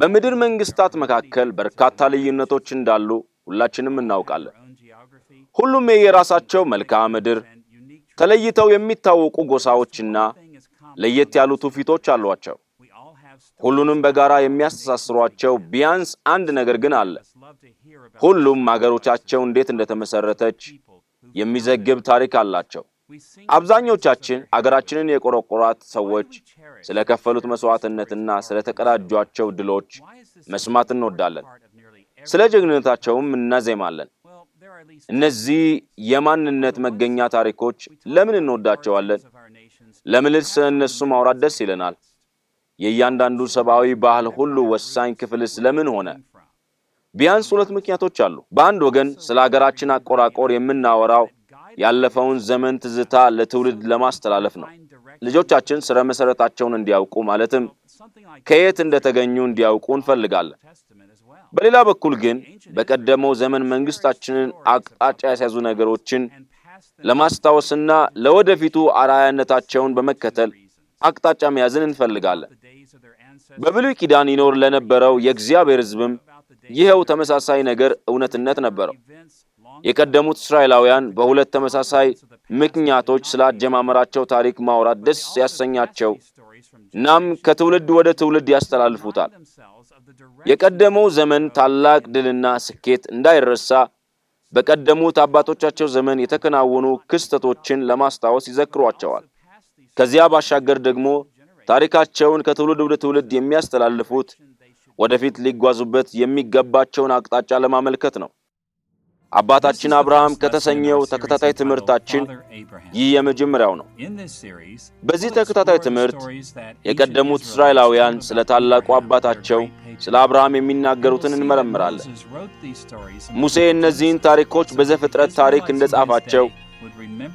በምድር መንግስታት መካከል በርካታ ልዩነቶች እንዳሉ ሁላችንም እናውቃለን። ሁሉም የየራሳቸው መልክዓ ምድር፣ ተለይተው የሚታወቁ ጎሳዎችና ለየት ያሉ ትውፊቶች አሏቸው። ሁሉንም በጋራ የሚያስተሳስሯቸው ቢያንስ አንድ ነገር ግን አለ። ሁሉም አገሮቻቸው እንዴት እንደተመሰረተች የሚዘግብ ታሪክ አላቸው። አብዛኞቻችን አገራችንን የቆረቆራት ሰዎች ስለ ከፈሉት መሥዋዕትነትና ስለ ተቀዳጇቸው ድሎች መስማት እንወዳለን። ስለ ጀግንነታቸውም እናዜማለን። እነዚህ የማንነት መገኛ ታሪኮች ለምን እንወዳቸዋለን? ለምንስ ስለ እነሱ ማውራት ደስ ይለናል? የእያንዳንዱ ሰብአዊ ባህል ሁሉ ወሳኝ ክፍልስ ለምን ሆነ? ቢያንስ ሁለት ምክንያቶች አሉ። በአንድ ወገን ስለ አገራችን አቆራቆር የምናወራው ያለፈውን ዘመን ትዝታ ለትውልድ ለማስተላለፍ ነው። ልጆቻችን ስረ መሠረታቸውን እንዲያውቁ ማለትም ከየት እንደተገኙ እንዲያውቁ እንፈልጋለን። በሌላ በኩል ግን በቀደመው ዘመን መንግሥታችንን አቅጣጫ ያስያዙ ነገሮችን ለማስታወስና ለወደፊቱ አርአያነታቸውን በመከተል አቅጣጫ መያዝን እንፈልጋለን። በብሉይ ኪዳን ይኖር ለነበረው የእግዚአብሔር ሕዝብም ይኸው ተመሳሳይ ነገር እውነትነት ነበረው። የቀደሙት እስራኤላውያን በሁለት ተመሳሳይ ምክንያቶች አጀማመራቸው ታሪክ ማውራት ደስ ያሰኛቸው እናም ከትውልድ ወደ ትውልድ ያስተላልፉታል። የቀደመው ዘመን ታላቅ ድልና ስኬት እንዳይረሳ በቀደሙት አባቶቻቸው ዘመን የተከናወኑ ክስተቶችን ለማስታወስ ይዘክሯቸዋል። ከዚያ ባሻገር ደግሞ ታሪካቸውን ከትውልድ ወደ ትውልድ የሚያስተላልፉት ወደፊት ሊጓዙበት የሚገባቸውን አቅጣጫ ለማመልከት ነው። አባታችን አብርሃም ከተሰኘው ተከታታይ ትምህርታችን ይህ የመጀመሪያው ነው። በዚህ ተከታታይ ትምህርት የቀደሙት እስራኤላውያን ስለ ታላቁ አባታቸው ስለ አብርሃም የሚናገሩትን እንመረምራለን። ሙሴ እነዚህን ታሪኮች በዘፍጥረት ታሪክ እንደጻፋቸው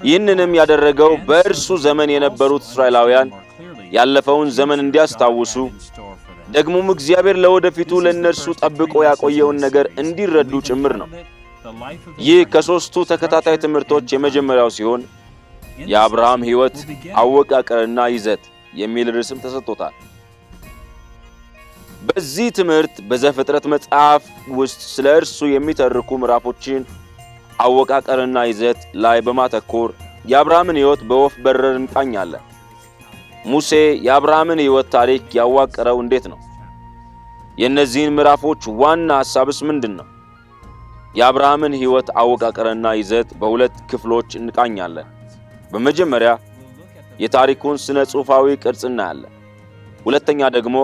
ይህንንም ያደረገው በእርሱ ዘመን የነበሩት እስራኤላውያን ያለፈውን ዘመን እንዲያስታውሱ ደግሞም እግዚአብሔር ለወደፊቱ ለእነርሱ ጠብቆ ያቆየውን ነገር እንዲረዱ ጭምር ነው። ይህ ከሦስቱ ተከታታይ ትምህርቶች የመጀመሪያው ሲሆን የአብርሃም ሕይወት አወቃቀርና ይዘት የሚል ርዕስም ተሰጥቶታል። በዚህ ትምህርት በዘፍጥረት መጽሐፍ ውስጥ ስለ እርሱ የሚተርኩ ምዕራፎችን አወቃቀርና ይዘት ላይ በማተኮር የአብርሃምን ሕይወት በወፍ በረር እንቃኛለን። ሙሴ የአብርሃምን ሕይወት ታሪክ ያዋቀረው እንዴት ነው? የእነዚህን ምዕራፎች ዋና ሐሳብስ ምንድን ነው? የአብርሃምን ሕይወት አወቃቀርና ይዘት በሁለት ክፍሎች እንቃኛለን። በመጀመሪያ የታሪኩን ስነ ጽሑፋዊ ቅርጽ እናያለን። ሁለተኛ ደግሞ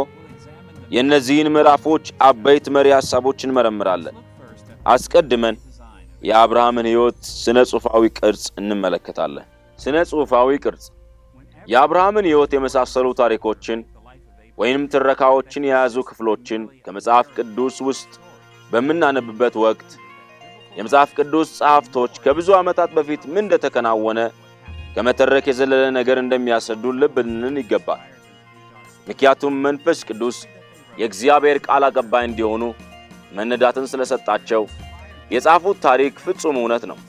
የእነዚህን ምዕራፎች አበይት መሪ ሐሳቦች እንመረምራለን። አስቀድመን የአብርሃምን ሕይወት ስነ ጽሑፋዊ ቅርጽ እንመለከታለን። ስነ ጽሑፋዊ ቅርጽ የአብርሃምን ሕይወት የመሳሰሉ ታሪኮችን ወይንም ትረካዎችን የያዙ ክፍሎችን ከመጽሐፍ ቅዱስ ውስጥ በምናነብበት ወቅት የመጽሐፍ ቅዱስ ጸሐፍቶች ከብዙ ዓመታት በፊት ምን እንደተከናወነ ከመተረክ የዘለለ ነገር እንደሚያስረዱ ልብ ልንን ይገባል። ምክንያቱም መንፈስ ቅዱስ የእግዚአብሔር ቃል አቀባይ እንዲሆኑ መነዳትን ስለሰጣቸው የጻፉት ታሪክ ፍጹም እውነት ነው።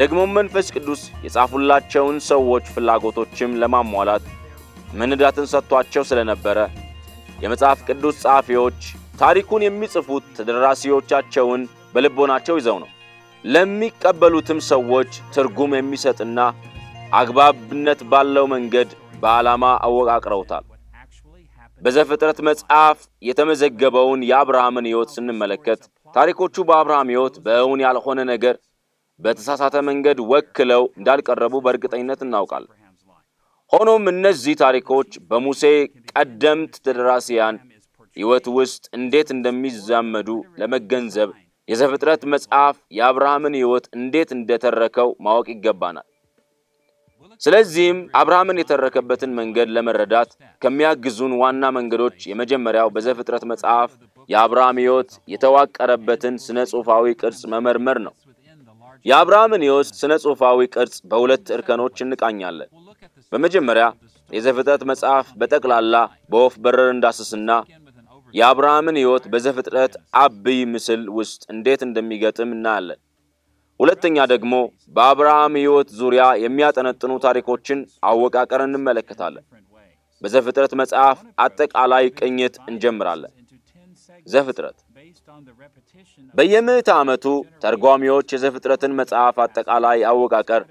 ደግሞም መንፈስ ቅዱስ የጻፉላቸውን ሰዎች ፍላጎቶችም ለማሟላት መነዳትን ሰጥቷቸው ስለነበረ የመጽሐፍ ቅዱስ ጸሐፊዎች ታሪኩን የሚጽፉት ተደራሲዎቻቸውን በልቦናቸው ይዘው ነው። ለሚቀበሉትም ሰዎች ትርጉም የሚሰጥና አግባብነት ባለው መንገድ በዓላማ አወቃቅረውታል። በዘፍጥረት መጽሐፍ የተመዘገበውን የአብርሃምን ሕይወት ስንመለከት ታሪኮቹ በአብርሃም ሕይወት በእውን ያልሆነ ነገር በተሳሳተ መንገድ ወክለው እንዳልቀረቡ በእርግጠኝነት እናውቃል። ሆኖም እነዚህ ታሪኮች በሙሴ ቀደምት ተደራሲያን ሕይወት ውስጥ እንዴት እንደሚዛመዱ ለመገንዘብ የዘፍጥረት መጽሐፍ የአብርሃምን ሕይወት እንዴት እንደተረከው ማወቅ ይገባናል። ስለዚህም አብርሃምን የተረከበትን መንገድ ለመረዳት ከሚያግዙን ዋና መንገዶች የመጀመሪያው በዘፍጥረት መጽሐፍ የአብርሃም ሕይወት የተዋቀረበትን ስነ ጽሑፋዊ ቅርጽ መመርመር ነው። የአብርሃምን ሕይወት ስነ ጽሑፋዊ ቅርጽ በሁለት እርከኖች እንቃኛለን። በመጀመሪያ የዘፍጥረት መጽሐፍ በጠቅላላ በወፍ በረር እንዳስስና የአብርሃምን ሕይወት በዘፍጥረት አብይ ምስል ውስጥ እንዴት እንደሚገጥም እናያለን። ሁለተኛ ደግሞ በአብርሃም ሕይወት ዙሪያ የሚያጠነጥኑ ታሪኮችን አወቃቀር እንመለከታለን። በዘፍጥረት መጽሐፍ አጠቃላይ ቅኝት እንጀምራለን። ዘፍጥረት በየምዕተ ዓመቱ ተርጓሚዎች የዘፍጥረትን መጽሐፍ አጠቃላይ አወቃቀር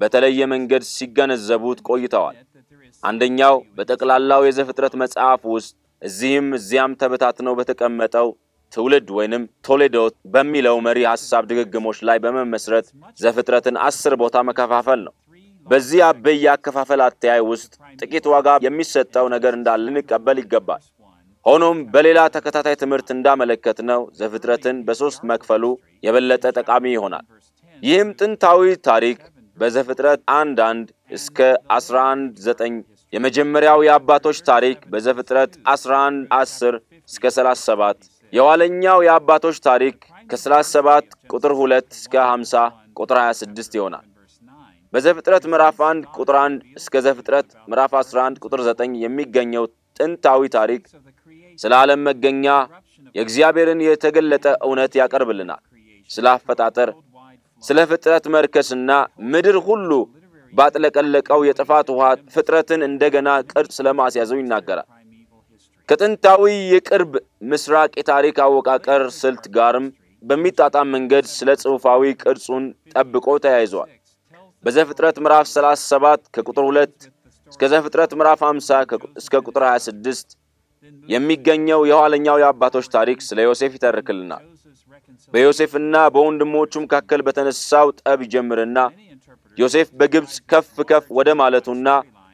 በተለየ መንገድ ሲገነዘቡት ቆይተዋል። አንደኛው በጠቅላላው የዘፍጥረት መጽሐፍ ውስጥ እዚህም እዚያም ተበታትነው በተቀመጠው ትውልድ ወይንም ቶሌዶ በሚለው መሪ ሐሳብ ድግግሞች ላይ በመመስረት ዘፍጥረትን አስር ቦታ መከፋፈል ነው። በዚህ አበይ የአከፋፈል አተያይ ውስጥ ጥቂት ዋጋ የሚሰጠው ነገር እንዳለ ልንቀበል ይገባል። ሆኖም በሌላ ተከታታይ ትምህርት እንዳመለከት ነው ዘፍጥረትን በሦስት መክፈሉ የበለጠ ጠቃሚ ይሆናል። ይህም ጥንታዊ ታሪክ በዘፍጥረት አንድ አንድ እስከ 11 የመጀመሪያው የአባቶች ታሪክ በዘፍጥረት 11 10 እስከ 37 የኋለኛው የአባቶች ታሪክ ከ37 ቁጥር 2 እስከ 50 ቁጥር 26 ይሆናል። በዘፍጥረት ምዕራፍ 1 ቁጥር 1 እስከ ዘፍጥረት ምዕራፍ 11 ቁጥር 9 የሚገኘው ጥንታዊ ታሪክ ስለ ዓለም መገኛ የእግዚአብሔርን የተገለጠ እውነት ያቀርብልናል። ስለ አፈጣጠር፣ ስለ ፍጥረት መርከስና ምድር ሁሉ ባጥለቀለቀው የጥፋት ውሃ ፍጥረትን እንደገና ቅርጽ ለማስያዘው ይናገራል። ከጥንታዊ የቅርብ ምስራቅ የታሪክ አወቃቀር ስልት ጋርም በሚጣጣም መንገድ ስለ ጽሑፋዊ ቅርጹን ጠብቆ ተያይዘዋል። በዘፍጥረት ምዕራፍ 37 ከቁጥር 2 እስከ ዘፍጥረት ምዕራፍ 50 እስከ ቁጥር 26 የሚገኘው የኋለኛው የአባቶች ታሪክ ስለ ዮሴፍ ይተርክልናል። በዮሴፍና በወንድሞቹ መካከል በተነሳው ጠብ ይጀምርና ዮሴፍ በግብፅ ከፍ ከፍ ወደ ማለቱና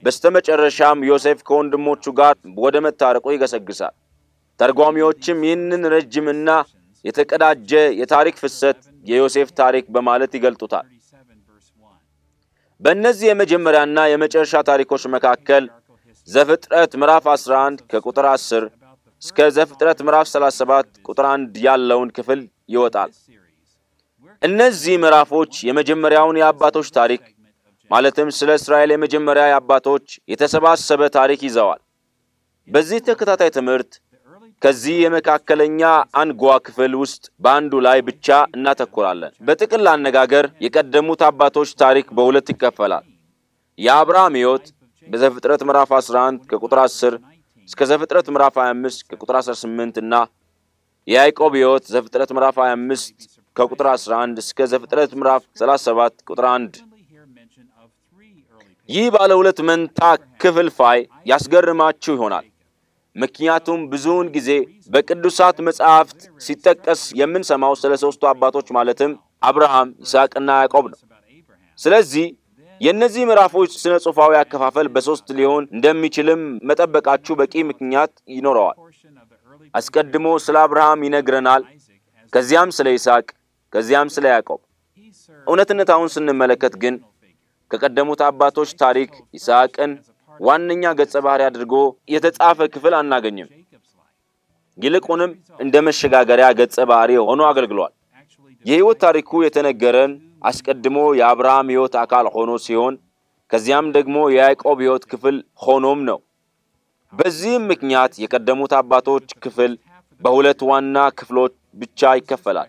በስተመጨረሻም ዮሴፍ ከወንድሞቹ ጋር ወደ መታረቁ ይገሰግሳል። ተርጓሚዎችም ይህንን ረጅምና የተቀዳጀ የታሪክ ፍሰት የዮሴፍ ታሪክ በማለት ይገልጡታል። በእነዚህ የመጀመሪያና የመጨረሻ ታሪኮች መካከል ዘፍጥረት ምዕራፍ 11 ከቁጥር 10 እስከ ዘፍጥረት ምዕራፍ 37 ቁጥር 1 ያለውን ክፍል ይወጣል። እነዚህ ምዕራፎች የመጀመሪያውን የአባቶች ታሪክ ማለትም ስለ እስራኤል የመጀመሪያ የአባቶች የተሰባሰበ ታሪክ ይዘዋል። በዚህ ተከታታይ ትምህርት ከዚህ የመካከለኛ አንጓ ክፍል ውስጥ በአንዱ ላይ ብቻ እናተኩራለን። በጥቅል አነጋገር የቀደሙት አባቶች ታሪክ በሁለት ይከፈላል። የአብርሃም ሕይወት በዘፍጥረት ምዕራፍ 11 ከቁጥር 10 እስከ ዘፍጥረት ምዕራፍ 25 ከቁጥር 18 እና የያዕቆብ ሕይወት ዘፍጥረት ምዕራፍ 25 ከቁጥር 11 እስከ ዘፍጥረት ምዕራፍ 37 ቁጥር 1 ይህ ባለ ሁለት መንታ ክፍልፋይ ያስገርማችሁ ይሆናል። ምክንያቱም ብዙውን ጊዜ በቅዱሳት መጽሐፍት ሲጠቀስ የምንሰማው ስለ ሦስቱ አባቶች ማለትም አብርሃም፣ ይስሐቅና ያዕቆብ ነው። ስለዚህ የእነዚህ ምዕራፎች ስነ ጽሑፋዊ አከፋፈል በሦስት ሊሆን እንደሚችልም መጠበቃችሁ በቂ ምክንያት ይኖረዋል። አስቀድሞ ስለ አብርሃም ይነግረናል፣ ከዚያም ስለ ይስሐቅ ከዚያም ስለ ያዕቆብ እውነትነት አሁን ስንመለከት ግን ከቀደሙት አባቶች ታሪክ ይስሐቅን ዋነኛ ገጸ ባህሪ አድርጎ የተጻፈ ክፍል አናገኝም። ይልቁንም እንደ መሸጋገሪያ ገጸ ባህሪ ሆኖ አገልግሏል። የሕይወት ታሪኩ የተነገረን አስቀድሞ የአብርሃም ሕይወት አካል ሆኖ ሲሆን ከዚያም ደግሞ የያዕቆብ ሕይወት ክፍል ሆኖም ነው። በዚህም ምክንያት የቀደሙት አባቶች ክፍል በሁለት ዋና ክፍሎች ብቻ ይከፈላል።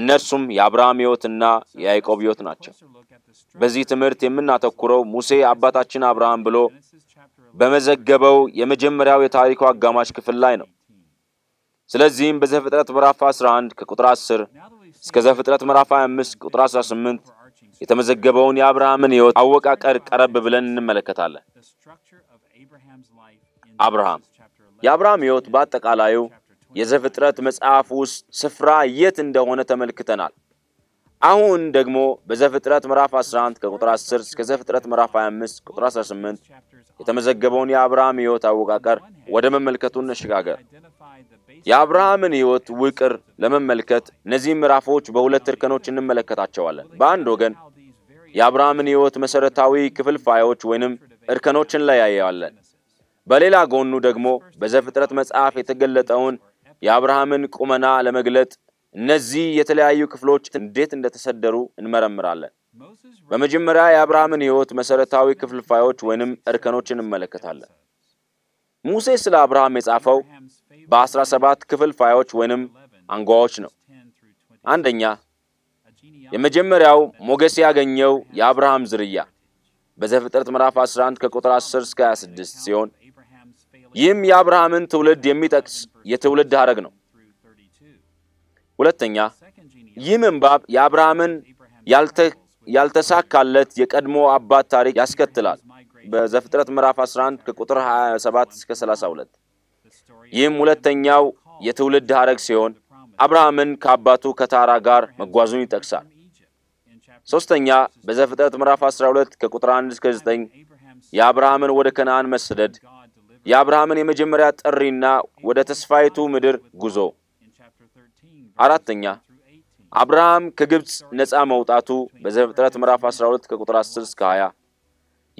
እነርሱም የአብርሃም ሕይወትና የያዕቆብ ሕይወት ናቸው። በዚህ ትምህርት የምናተኩረው ሙሴ አባታችን አብርሃም ብሎ በመዘገበው የመጀመሪያው የታሪኩ አጋማሽ ክፍል ላይ ነው። ስለዚህም በዘፍጥረት ምዕራፍ 11 ከቁጥር 10 እስከ ዘፍጥረት ምዕራፍ 25 ቁጥር 18 የተመዘገበውን የአብርሃምን ሕይወት አወቃቀር ቀረብ ብለን እንመለከታለን። አብርሃም የአብርሃም ሕይወት በአጠቃላዩ የዘፍጥረት መጽሐፍ ውስጥ ስፍራ የት እንደሆነ ተመልክተናል። አሁን ደግሞ በዘፍጥረት ምዕራፍ 11 ከቁጥር 10 እስከ ዘፍጥረት ምዕራፍ 25 ቁጥር 18 የተመዘገበውን የአብርሃም ሕይወት አወቃቀር ወደ መመልከቱ እንሸጋገር። የአብርሃምን ሕይወት ውቅር ለመመልከት እነዚህም ምዕራፎች በሁለት እርከኖች እንመለከታቸዋለን። በአንድ ወገን የአብርሃምን ሕይወት መሠረታዊ ክፍልፋዮች ወይንም እርከኖችን እንለያየዋለን። በሌላ ጎኑ ደግሞ በዘፍጥረት መጽሐፍ የተገለጠውን የአብርሃምን ቁመና ለመግለጥ እነዚህ የተለያዩ ክፍሎች እንዴት እንደተሰደሩ እንመረምራለን። በመጀመሪያ የአብርሃምን ሕይወት መሠረታዊ ክፍልፋዮች ወይንም እርከኖች እንመለከታለን። ሙሴ ስለ አብርሃም የጻፈው በ17 ክፍልፋዮች ወይንም አንጓዎች ነው። አንደኛ፣ የመጀመሪያው ሞገስ ያገኘው የአብርሃም ዝርያ በዘፍጥረት ምዕራፍ 11 ከቁጥር 10 እስከ 26 ሲሆን ይህም የአብርሃምን ትውልድ የሚጠቅስ የትውልድ ሀረግ ነው። ሁለተኛ ይህ ምንባብ የአብርሃምን ያልተሳካለት የቀድሞ አባት ታሪክ ያስከትላል። በዘፍጥረት ምዕራፍ 11 ከቁጥር 27 እስከ 32። ይህም ሁለተኛው የትውልድ ሀረግ ሲሆን አብርሃምን ከአባቱ ከታራ ጋር መጓዙን ይጠቅሳል። ሦስተኛ በዘፍጥረት ምዕራፍ 12 ከቁጥር 1 እስከ 9 የአብርሃምን ወደ ከነአን መሰደድ የአብርሃምን የመጀመሪያ ጥሪና ወደ ተስፋይቱ ምድር ጉዞ። አራተኛ አብርሃም ከግብፅ ነፃ መውጣቱ በዘፍጥረት ምዕራፍ 12 ከቁጥር 10 እስከ 20።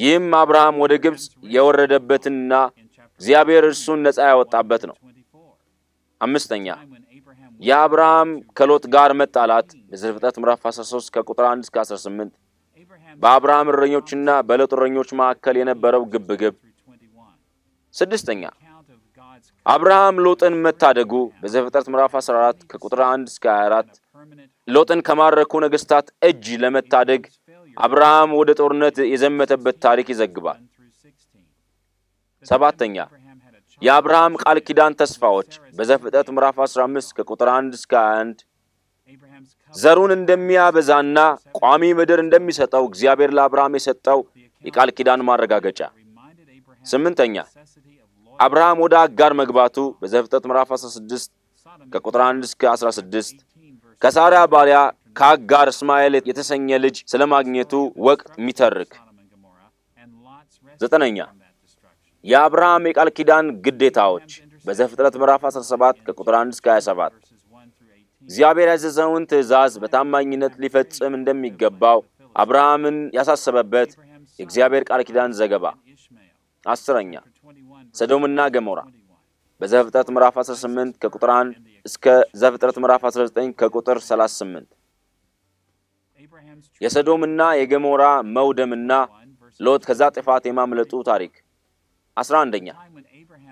ይህም አብርሃም ወደ ግብፅ የወረደበትና እግዚአብሔር እርሱን ነፃ ያወጣበት ነው። አምስተኛ የአብርሃም ከሎጥ ጋር መጣላት በዘፍጥረት ምዕራፍ 13 ከቁጥር 1 እስከ 18። በአብርሃም እረኞችና በሎጥ እረኞች መካከል የነበረው ግብግብ ስድስተኛ አብርሃም ሎጥን መታደጉ በዘፍጥረት ምዕራፍ 14 ከቁጥር 1 እስከ 24 ሎጥን ከማረኩ ነገሥታት እጅ ለመታደግ አብርሃም ወደ ጦርነት የዘመተበት ታሪክ ይዘግባል። ሰባተኛ የአብርሃም ቃል ኪዳን ተስፋዎች በዘፍጥረት ምዕራፍ 15 ከቁጥር 1 እስከ 21 ዘሩን እንደሚያበዛና ቋሚ ምድር እንደሚሰጠው እግዚአብሔር ለአብርሃም የሰጠው የቃል ኪዳን ማረጋገጫ ስምንተኛ አብርሃም ወደ አጋር መግባቱ በዘፍጠት ምዕራፍ 16 ከቁጥር 1 እስከ 16 ከሳሪያ ባሪያ ከአጋር እስማኤል የተሰኘ ልጅ ስለ ማግኘቱ ወቅት የሚተርክ። ዘጠነኛ የአብርሃም የቃል ኪዳን ግዴታዎች በዘፍጥረት ምዕራፍ 17 ከቁጥር 1 እስከ 27 እግዚአብሔር ያዘዘውን ትእዛዝ በታማኝነት ሊፈጽም እንደሚገባው አብርሃምን ያሳሰበበት የእግዚአብሔር ቃል ኪዳን ዘገባ አስረኛ ሰዶምና ገሞራ በዘፍጥረት ምዕራፍ 18 ከቁጥር 1 እስከ ዘፍጥረት ምዕራፍ 19 ከቁጥር 38 የሰዶምና የገሞራ መውደምና ሎጥ ከዛ ጥፋት የማምለጡ ታሪክ 11ኛ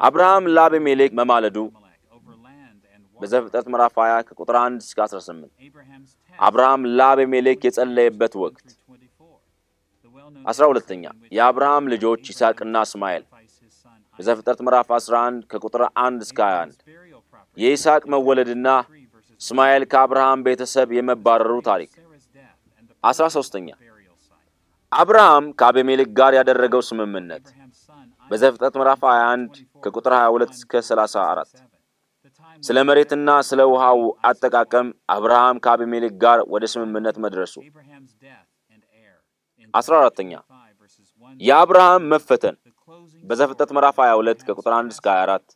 አብርሃም ለአቤሜሌክ መማለዱ በዘፍጥረት ምዕራፍ 20 ከቁጥር 1 እስከ 18 አብርሃም ለአቤሜሌክ የጸለየበት ወቅት አስራ ሁለተኛ የአብርሃም ልጆች ይስሐቅና እስማኤል የዘፍጥረት ምዕራፍ 11 ከቁጥር 1 እስከ 21 የይስሐቅ መወለድና እስማኤል ከአብርሃም ቤተሰብ የመባረሩ ታሪክ። አስራ ሦስተኛ አብርሃም ከአቤሜሌክ ጋር ያደረገው ስምምነት በዘፍጥረት ምዕራፍ 21 ከቁጥር 22 እስከ 34 ስለ መሬትና ስለ ውሃው አጠቃቀም አብርሃም ከአቤሜሌክ ጋር ወደ ስምምነት መድረሱ 14ኛ የአብርሃም መፈተን በዘፍጠት ምዕራፍ 22 ከቁጥር 1 እስከ 24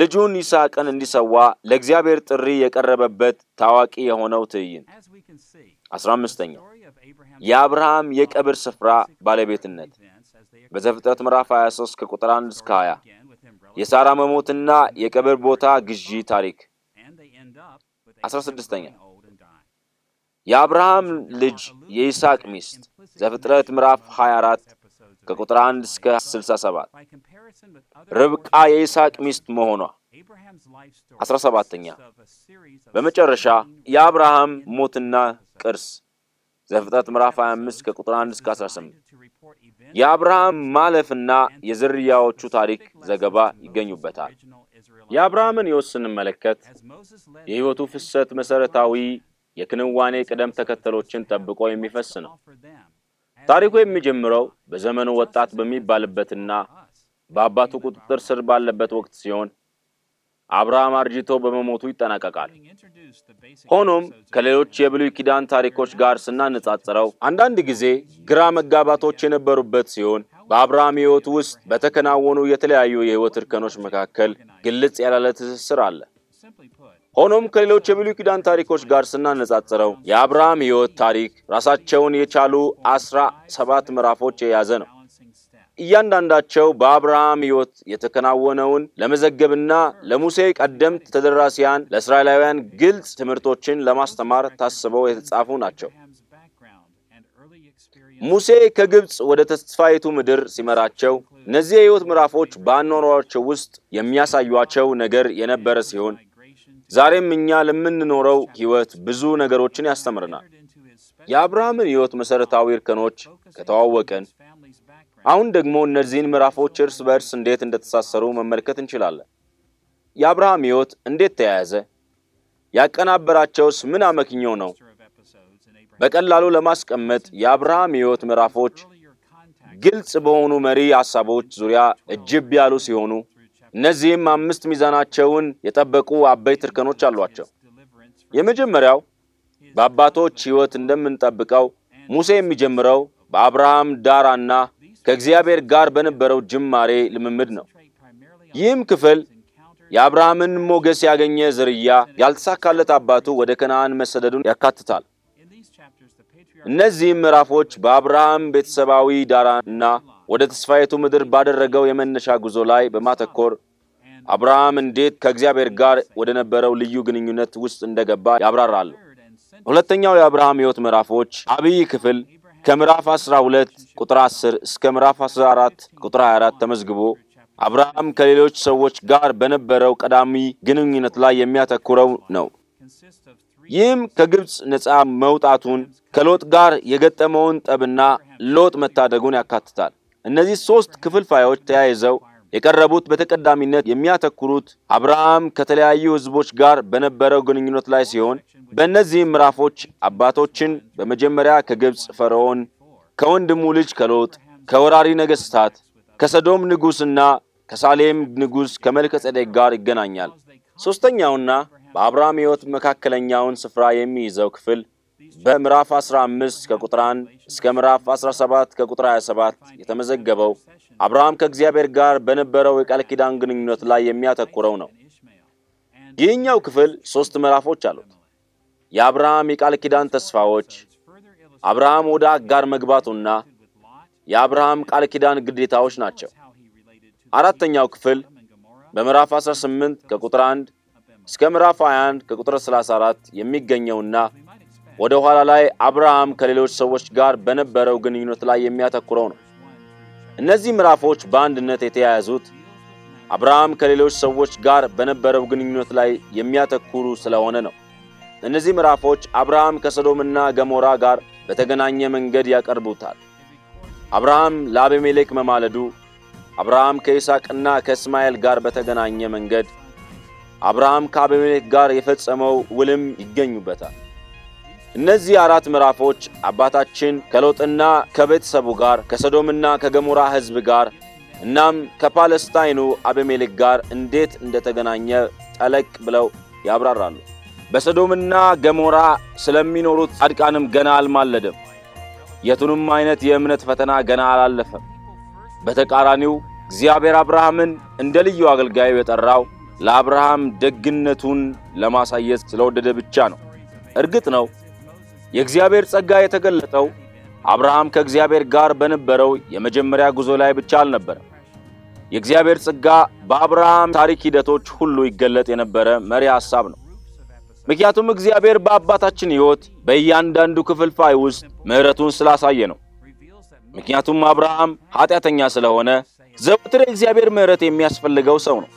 ልጁን ይስሐቅን እንዲሰዋ ለእግዚአብሔር ጥሪ የቀረበበት ታዋቂ የሆነው ትዕይንት። 15ኛ የአብርሃም የቀብር ስፍራ ባለቤትነት በዘፍጥረት ምዕራፍ 23 ከቁጥር 1 እስከ 20 የሳራ መሞትና የቀብር ቦታ ግዢ ታሪክ። 16ኛ የአብርሃም ልጅ የይስሐቅ ሚስት ዘፍጥረት ምዕራፍ 24 ከቁጥር 1 እስከ 67 ርብቃ የይስሐቅ ሚስት መሆኗ 17ኛ በመጨረሻ የአብርሃም ሞትና ቅርስ ዘፍጥረት ምዕራፍ 25 ከቁጥር 1 እስከ 18 የአብርሃም ማለፍና የዝርያዎቹ ታሪክ ዘገባ ይገኙበታል። የአብርሃምን ሕይወት ስንመለከት የሕይወቱ ፍሰት መሠረታዊ የክንዋኔ ቅደም ተከተሎችን ጠብቆ የሚፈስ ነው። ታሪኩ የሚጀምረው በዘመኑ ወጣት በሚባልበትና በአባቱ ቁጥጥር ስር ባለበት ወቅት ሲሆን አብርሃም አርጅቶ በመሞቱ ይጠናቀቃል። ሆኖም ከሌሎች የብሉይ ኪዳን ታሪኮች ጋር ስናነጻጽረው አንዳንድ ጊዜ ግራ መጋባቶች የነበሩበት ሲሆን በአብርሃም ሕይወት ውስጥ በተከናወኑ የተለያዩ የሕይወት እርከኖች መካከል ግልጽ ያላለ ትስስር አለ። ሆኖም ከሌሎች የብሉይ ኪዳን ታሪኮች ጋር ስናነጻጽረው የአብርሃም ሕይወት ታሪክ ራሳቸውን የቻሉ አስራ ሰባት ምዕራፎች የያዘ ነው። እያንዳንዳቸው በአብርሃም ሕይወት የተከናወነውን ለመዘገብና ለሙሴ ቀደምት ተደራሲያን ለእስራኤላውያን ግልጽ ትምህርቶችን ለማስተማር ታስበው የተጻፉ ናቸው። ሙሴ ከግብፅ ወደ ተስፋይቱ ምድር ሲመራቸው እነዚህ የሕይወት ምዕራፎች በአኗኗራቸው ውስጥ የሚያሳዩቸው ነገር የነበረ ሲሆን ዛሬም እኛ ለምንኖረው ሕይወት ብዙ ነገሮችን ያስተምርናል። የአብርሃምን ሕይወት መሠረታዊ እርከኖች ከተዋወቅን አሁን ደግሞ እነዚህን ምዕራፎች እርስ በእርስ እንዴት እንደተሳሰሩ መመልከት እንችላለን። የአብርሃም ሕይወት እንዴት ተያያዘ? ያቀናበራቸውስ ምን አመክኞ ነው? በቀላሉ ለማስቀመጥ የአብርሃም ሕይወት ምዕራፎች ግልጽ በሆኑ መሪ ሐሳቦች ዙሪያ እጅብ ያሉ ሲሆኑ እነዚህም አምስት ሚዛናቸውን የጠበቁ አበይት እርከኖች አሏቸው። የመጀመሪያው በአባቶች ሕይወት እንደምንጠብቀው ሙሴ የሚጀምረው በአብርሃም ዳራና ከእግዚአብሔር ጋር በነበረው ጅማሬ ልምምድ ነው። ይህም ክፍል የአብርሃምን ሞገስ ያገኘ ዝርያ ያልተሳካለት አባቱ ወደ ከነአን መሰደዱን ያካትታል። እነዚህም ምዕራፎች በአብርሃም ቤተሰባዊ ዳራና ወደ ተስፋይቱ ምድር ባደረገው የመነሻ ጉዞ ላይ በማተኮር አብርሃም እንዴት ከእግዚአብሔር ጋር ወደ ነበረው ልዩ ግንኙነት ውስጥ እንደገባ ያብራራሉ። ሁለተኛው የአብርሃም ሕይወት ምዕራፎች አብይ ክፍል ከምዕራፍ 12 ቁጥር 10 እስከ ምዕራፍ 14 ቁጥር 24 ተመዝግቦ አብርሃም ከሌሎች ሰዎች ጋር በነበረው ቀዳሚ ግንኙነት ላይ የሚያተኩረው ነው። ይህም ከግብፅ ነፃ መውጣቱን ከሎጥ ጋር የገጠመውን ጠብና ሎጥ መታደጉን ያካትታል። እነዚህ ሶስት ክፍልፋዮች ተያይዘው የቀረቡት በተቀዳሚነት የሚያተኩሩት አብርሃም ከተለያዩ ሕዝቦች ጋር በነበረው ግንኙነት ላይ ሲሆን በእነዚህም ምዕራፎች አባቶችን በመጀመሪያ ከግብፅ ፈርዖን፣ ከወንድሙ ልጅ ከሎጥ፣ ከወራሪ ነገሥታት፣ ከሰዶም ንጉሥና ከሳሌም ንጉሥ ከመልከ ጸዴቅ ጋር ይገናኛል። ሦስተኛውና በአብርሃም ሕይወት መካከለኛውን ስፍራ የሚይዘው ክፍል በምዕራፍ 15 ከቁጥር 1 እስከ ምዕራፍ 17 ከቁጥር 27 የተመዘገበው አብርሃም ከእግዚአብሔር ጋር በነበረው የቃል ኪዳን ግንኙነት ላይ የሚያተኩረው ነው። ይህኛው ክፍል ሦስት ምዕራፎች አሉት። የአብርሃም የቃል ኪዳን ተስፋዎች፣ አብርሃም ወደ አጋር መግባቱና የአብርሃም ቃል ኪዳን ግዴታዎች ናቸው። አራተኛው ክፍል በምዕራፍ 18 ከቁጥር 1 እስከ ምዕራፍ 21 ከቁጥር 34 የሚገኘውና ወደ ኋላ ላይ አብርሃም ከሌሎች ሰዎች ጋር በነበረው ግንኙነት ላይ የሚያተኩረው ነው። እነዚህ ምዕራፎች በአንድነት የተያያዙት አብርሃም ከሌሎች ሰዎች ጋር በነበረው ግንኙነት ላይ የሚያተኩሩ ስለሆነ ነው። እነዚህ ምዕራፎች አብርሃም ከሰዶምና ገሞራ ጋር በተገናኘ መንገድ ያቀርቡታል። አብርሃም ለአቤሜሌክ መማለዱ፣ አብርሃም ከይስሐቅና ከእስማኤል ጋር በተገናኘ መንገድ፣ አብርሃም ከአቤሜሌክ ጋር የፈጸመው ውልም ይገኙበታል። እነዚህ አራት ምዕራፎች አባታችን ከሎጥና ከቤተሰቡ ጋር ከሰዶምና ከገሞራ ሕዝብ ጋር እናም ከፓለስታይኑ አቤሜሌክ ጋር እንዴት እንደተገናኘ ጠለቅ ብለው ያብራራሉ። በሰዶምና ገሞራ ስለሚኖሩት ጻድቃንም ገና አልማለደም። የቱንም አይነት የእምነት ፈተና ገና አላለፈም። በተቃራኒው እግዚአብሔር አብርሃምን እንደ ልዩ አገልጋዩ የጠራው ለአብርሃም ደግነቱን ለማሳየት ስለወደደ ብቻ ነው። እርግጥ ነው የእግዚአብሔር ጸጋ የተገለጠው አብርሃም ከእግዚአብሔር ጋር በነበረው የመጀመሪያ ጉዞ ላይ ብቻ አልነበረም። የእግዚአብሔር ጸጋ በአብርሃም ታሪክ ሂደቶች ሁሉ ይገለጥ የነበረ መሪ ሐሳብ ነው። ምክንያቱም እግዚአብሔር በአባታችን ሕይወት በእያንዳንዱ ክፍልፋይ ውስጥ ምሕረቱን ስላሳየ ነው። ምክንያቱም አብርሃም ኀጢአተኛ ስለሆነ ዘወትር የእግዚአብሔር ምሕረት የሚያስፈልገው ሰው ነው።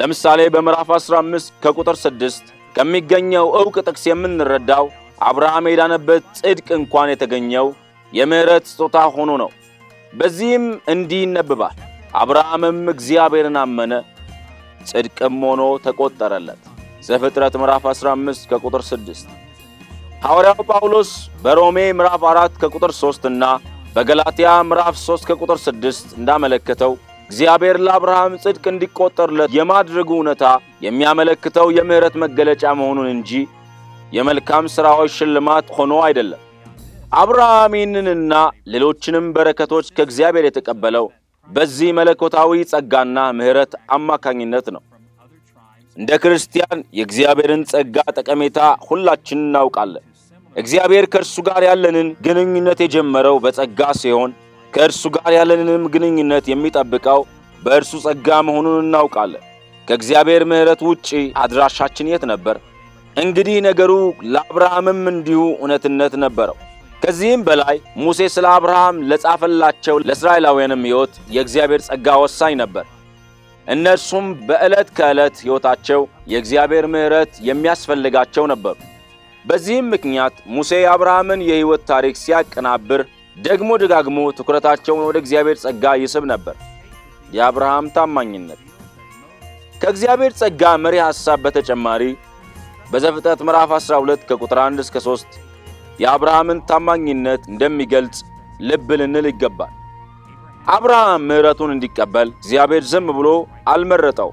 ለምሳሌ በምዕራፍ 15 ከቁጥር 6 ከሚገኘው ዕውቅ ጥቅስ የምንረዳው አብርሃም የዳነበት ጽድቅ እንኳን የተገኘው የምሕረት ስጦታ ሆኖ ነው። በዚህም እንዲህ ይነበባል፣ አብርሃምም እግዚአብሔርን አመነ ጽድቅም ሆኖ ተቆጠረለት። ዘፍጥረት ምዕራፍ 15 ከቁጥር 6። ሐዋርያው ጳውሎስ በሮሜ ምዕራፍ 4 ከቁጥር 3 እና በገላትያ ምዕራፍ 3 ከቁጥር 6 እንዳመለከተው እግዚአብሔር ለአብርሃም ጽድቅ እንዲቆጠርለት የማድረጉ እውነታ የሚያመለክተው የምሕረት መገለጫ መሆኑን እንጂ የመልካም ሥራዎች ሽልማት ሆኖ አይደለም። አብርሃም ይህንንና ሌሎችንም በረከቶች ከእግዚአብሔር የተቀበለው በዚህ መለኮታዊ ጸጋና ምሕረት አማካኝነት ነው። እንደ ክርስቲያን የእግዚአብሔርን ጸጋ ጠቀሜታ ሁላችን እናውቃለን። እግዚአብሔር ከእርሱ ጋር ያለንን ግንኙነት የጀመረው በጸጋ ሲሆን ከእርሱ ጋር ያለንንም ግንኙነት የሚጠብቀው በእርሱ ጸጋ መሆኑን እናውቃለን። ከእግዚአብሔር ምሕረት ውጪ አድራሻችን የት ነበር? እንግዲህ ነገሩ ለአብርሃምም እንዲሁ እውነትነት ነበረው። ከዚህም በላይ ሙሴ ስለ አብርሃም ለጻፈላቸው ለእስራኤላውያንም ሕይወት የእግዚአብሔር ጸጋ ወሳኝ ነበር። እነርሱም በዕለት ከዕለት ሕይወታቸው የእግዚአብሔር ምሕረት የሚያስፈልጋቸው ነበሩ። በዚህም ምክንያት ሙሴ የአብርሃምን የሕይወት ታሪክ ሲያቀናብር ደግሞ ደጋግሞ ትኩረታቸውን ወደ እግዚአብሔር ጸጋ ይስብ ነበር። የአብርሃም ታማኝነት ከእግዚአብሔር ጸጋ መሪ ሐሳብ በተጨማሪ በዘፍጥረት ምዕራፍ 12 ከቁጥር 1 እስከ 3 የአብርሃምን ታማኝነት እንደሚገልጽ ልብ ልንል ይገባል። አብርሃም ምሕረቱን እንዲቀበል እግዚአብሔር ዝም ብሎ አልመረጠው።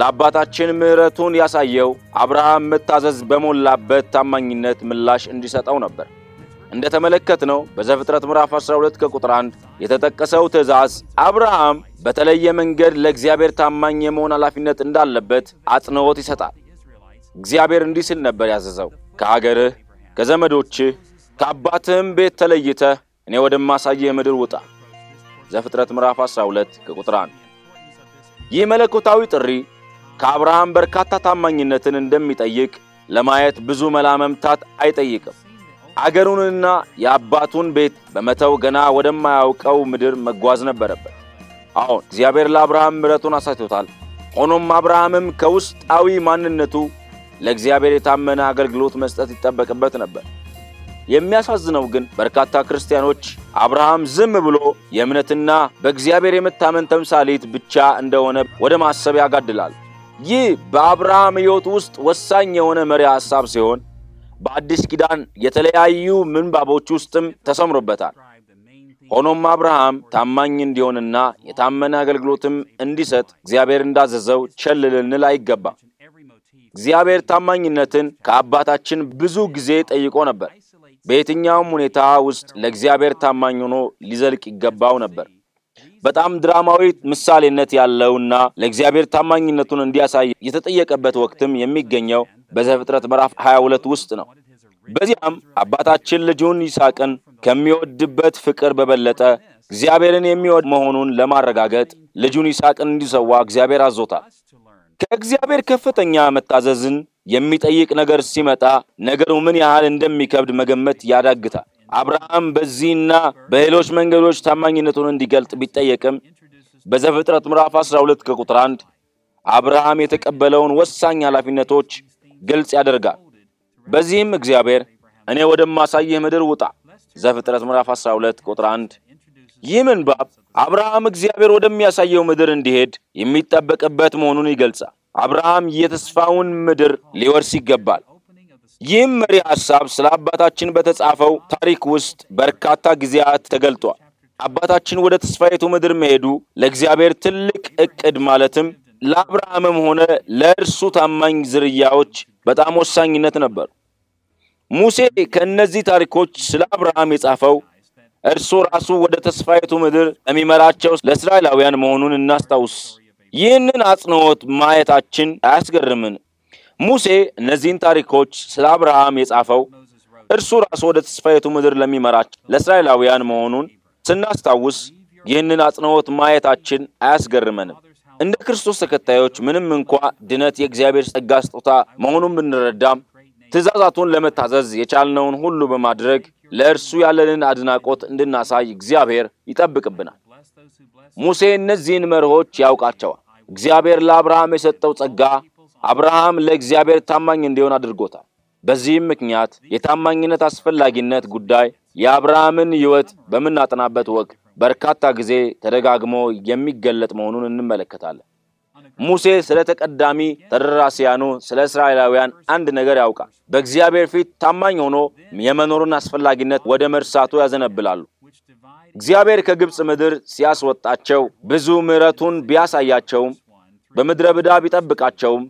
ለአባታችን ምሕረቱን ያሳየው አብርሃም መታዘዝ በሞላበት ታማኝነት ምላሽ እንዲሰጠው ነበር። እንደ ነው በዘፍጥረት ምዕራፍ 12 ከቁጥር 1 የተጠቀሰው ትእዛዝ አብርሃም በተለየ መንገድ ለእግዚአብሔር ታማኝ የመሆን ኃላፊነት እንዳለበት አጽንዖት ይሰጣል። እግዚአብሔር እንዲህ ሲል ነበር ያዘዘው፣ ከአገርህ ከዘመዶችህ ከአባትህም ቤት ተለይተህ እኔ ወደማሳየ ምድር ውጣ። ዘፍጥረት ምዕራፍ 12 ከቁጥር 1። ይህ መለኮታዊ ጥሪ ከአብርሃም በርካታ ታማኝነትን እንደሚጠይቅ ለማየት ብዙ መላመምታት አይጠይቅም። አገሩንና የአባቱን ቤት በመተው ገና ወደማያውቀው ምድር መጓዝ ነበረበት። አሁን እግዚአብሔር ለአብርሃም ምሕረቱን አሳይቶታል። ሆኖም አብርሃምም ከውስጣዊ ማንነቱ ለእግዚአብሔር የታመነ አገልግሎት መስጠት ይጠበቅበት ነበር። የሚያሳዝነው ግን በርካታ ክርስቲያኖች አብርሃም ዝም ብሎ የእምነትና በእግዚአብሔር የመታመን ተምሳሌት ብቻ እንደሆነ ወደ ማሰብ ያጋድላል። ይህ በአብርሃም ሕይወት ውስጥ ወሳኝ የሆነ መሪ ሐሳብ ሲሆን በአዲስ ኪዳን የተለያዩ ምንባቦች ውስጥም ተሰምሮበታል። ሆኖም አብርሃም ታማኝ እንዲሆንና የታመነ አገልግሎትም እንዲሰጥ እግዚአብሔር እንዳዘዘው ቸል ልንል አይገባም። እግዚአብሔር ታማኝነትን ከአባታችን ብዙ ጊዜ ጠይቆ ነበር። በየትኛውም ሁኔታ ውስጥ ለእግዚአብሔር ታማኝ ሆኖ ሊዘልቅ ይገባው ነበር። በጣም ድራማዊ ምሳሌነት ያለውና ለእግዚአብሔር ታማኝነቱን እንዲያሳይ የተጠየቀበት ወቅትም የሚገኘው በዘፍጥረት ምዕራፍ 22 ውስጥ ነው። በዚያም አባታችን ልጁን ይስሐቅን ከሚወድበት ፍቅር በበለጠ እግዚአብሔርን የሚወድ መሆኑን ለማረጋገጥ ልጁን ይስሐቅን እንዲሰዋ እግዚአብሔር አዞታል። ከእግዚአብሔር ከፍተኛ መታዘዝን የሚጠይቅ ነገር ሲመጣ ነገሩ ምን ያህል እንደሚከብድ መገመት ያዳግታል። አብርሃም በዚህና በሌሎች መንገዶች ታማኝነቱን እንዲገልጥ ቢጠየቅም በዘፍጥረት ምዕራፍ 12 ከቁጥር 1 አብርሃም የተቀበለውን ወሳኝ ኃላፊነቶች ግልጽ ያደርጋል። በዚህም እግዚአብሔር እኔ ወደማሳይህ ምድር ውጣ ዘፍጥረት ምዕራፍ 12 ቁጥር 1 ይህ ምንባብ አብርሃም እግዚአብሔር ወደሚያሳየው ምድር እንዲሄድ የሚጠበቅበት መሆኑን ይገልጻል። አብርሃም የተስፋውን ምድር ሊወርስ ይገባል። ይህም መሪ ሐሳብ ስለ አባታችን በተጻፈው ታሪክ ውስጥ በርካታ ጊዜያት ተገልጧል። አባታችን ወደ ተስፋይቱ ምድር መሄዱ ለእግዚአብሔር ትልቅ እቅድ ማለትም ለአብርሃምም ሆነ ለእርሱ ታማኝ ዝርያዎች በጣም ወሳኝነት ነበር። ሙሴ ከእነዚህ ታሪኮች ስለ አብርሃም የጻፈው እርሱ ራሱ ወደ ተስፋይቱ ምድር የሚመራቸው ለእስራኤላውያን መሆኑን እናስታውስ። ይህንን አጽንዖት ማየታችን አያስገርምን? ሙሴ እነዚህን ታሪኮች ስለ አብርሃም የጻፈው እርሱ ራሱ ወደ ተስፋይቱ ምድር ለሚመራቸው ለእስራኤላውያን መሆኑን ስናስታውስ ይህንን አጽንዖት ማየታችን አያስገርመንም። እንደ ክርስቶስ ተከታዮች ምንም እንኳ ድነት የእግዚአብሔር ጸጋ ስጦታ መሆኑን ብንረዳም ትእዛዛቱን ለመታዘዝ የቻልነውን ሁሉ በማድረግ ለእርሱ ያለንን አድናቆት እንድናሳይ እግዚአብሔር ይጠብቅብናል። ሙሴ እነዚህን መርሆች ያውቃቸዋል። እግዚአብሔር ለአብርሃም የሰጠው ጸጋ አብርሃም ለእግዚአብሔር ታማኝ እንዲሆን አድርጎታል። በዚህም ምክንያት የታማኝነት አስፈላጊነት ጉዳይ የአብርሃምን ሕይወት በምናጠናበት ወቅት በርካታ ጊዜ ተደጋግሞ የሚገለጥ መሆኑን እንመለከታለን። ሙሴ ስለ ተቀዳሚ ተደራሲያኑ ስለ እስራኤላውያን አንድ ነገር ያውቃል። በእግዚአብሔር ፊት ታማኝ ሆኖ የመኖሩን አስፈላጊነት ወደ መርሳቱ ያዘነብላሉ። እግዚአብሔር ከግብፅ ምድር ሲያስወጣቸው ብዙ ምሕረቱን ቢያሳያቸውም በምድረ ብዳ ቢጠብቃቸውም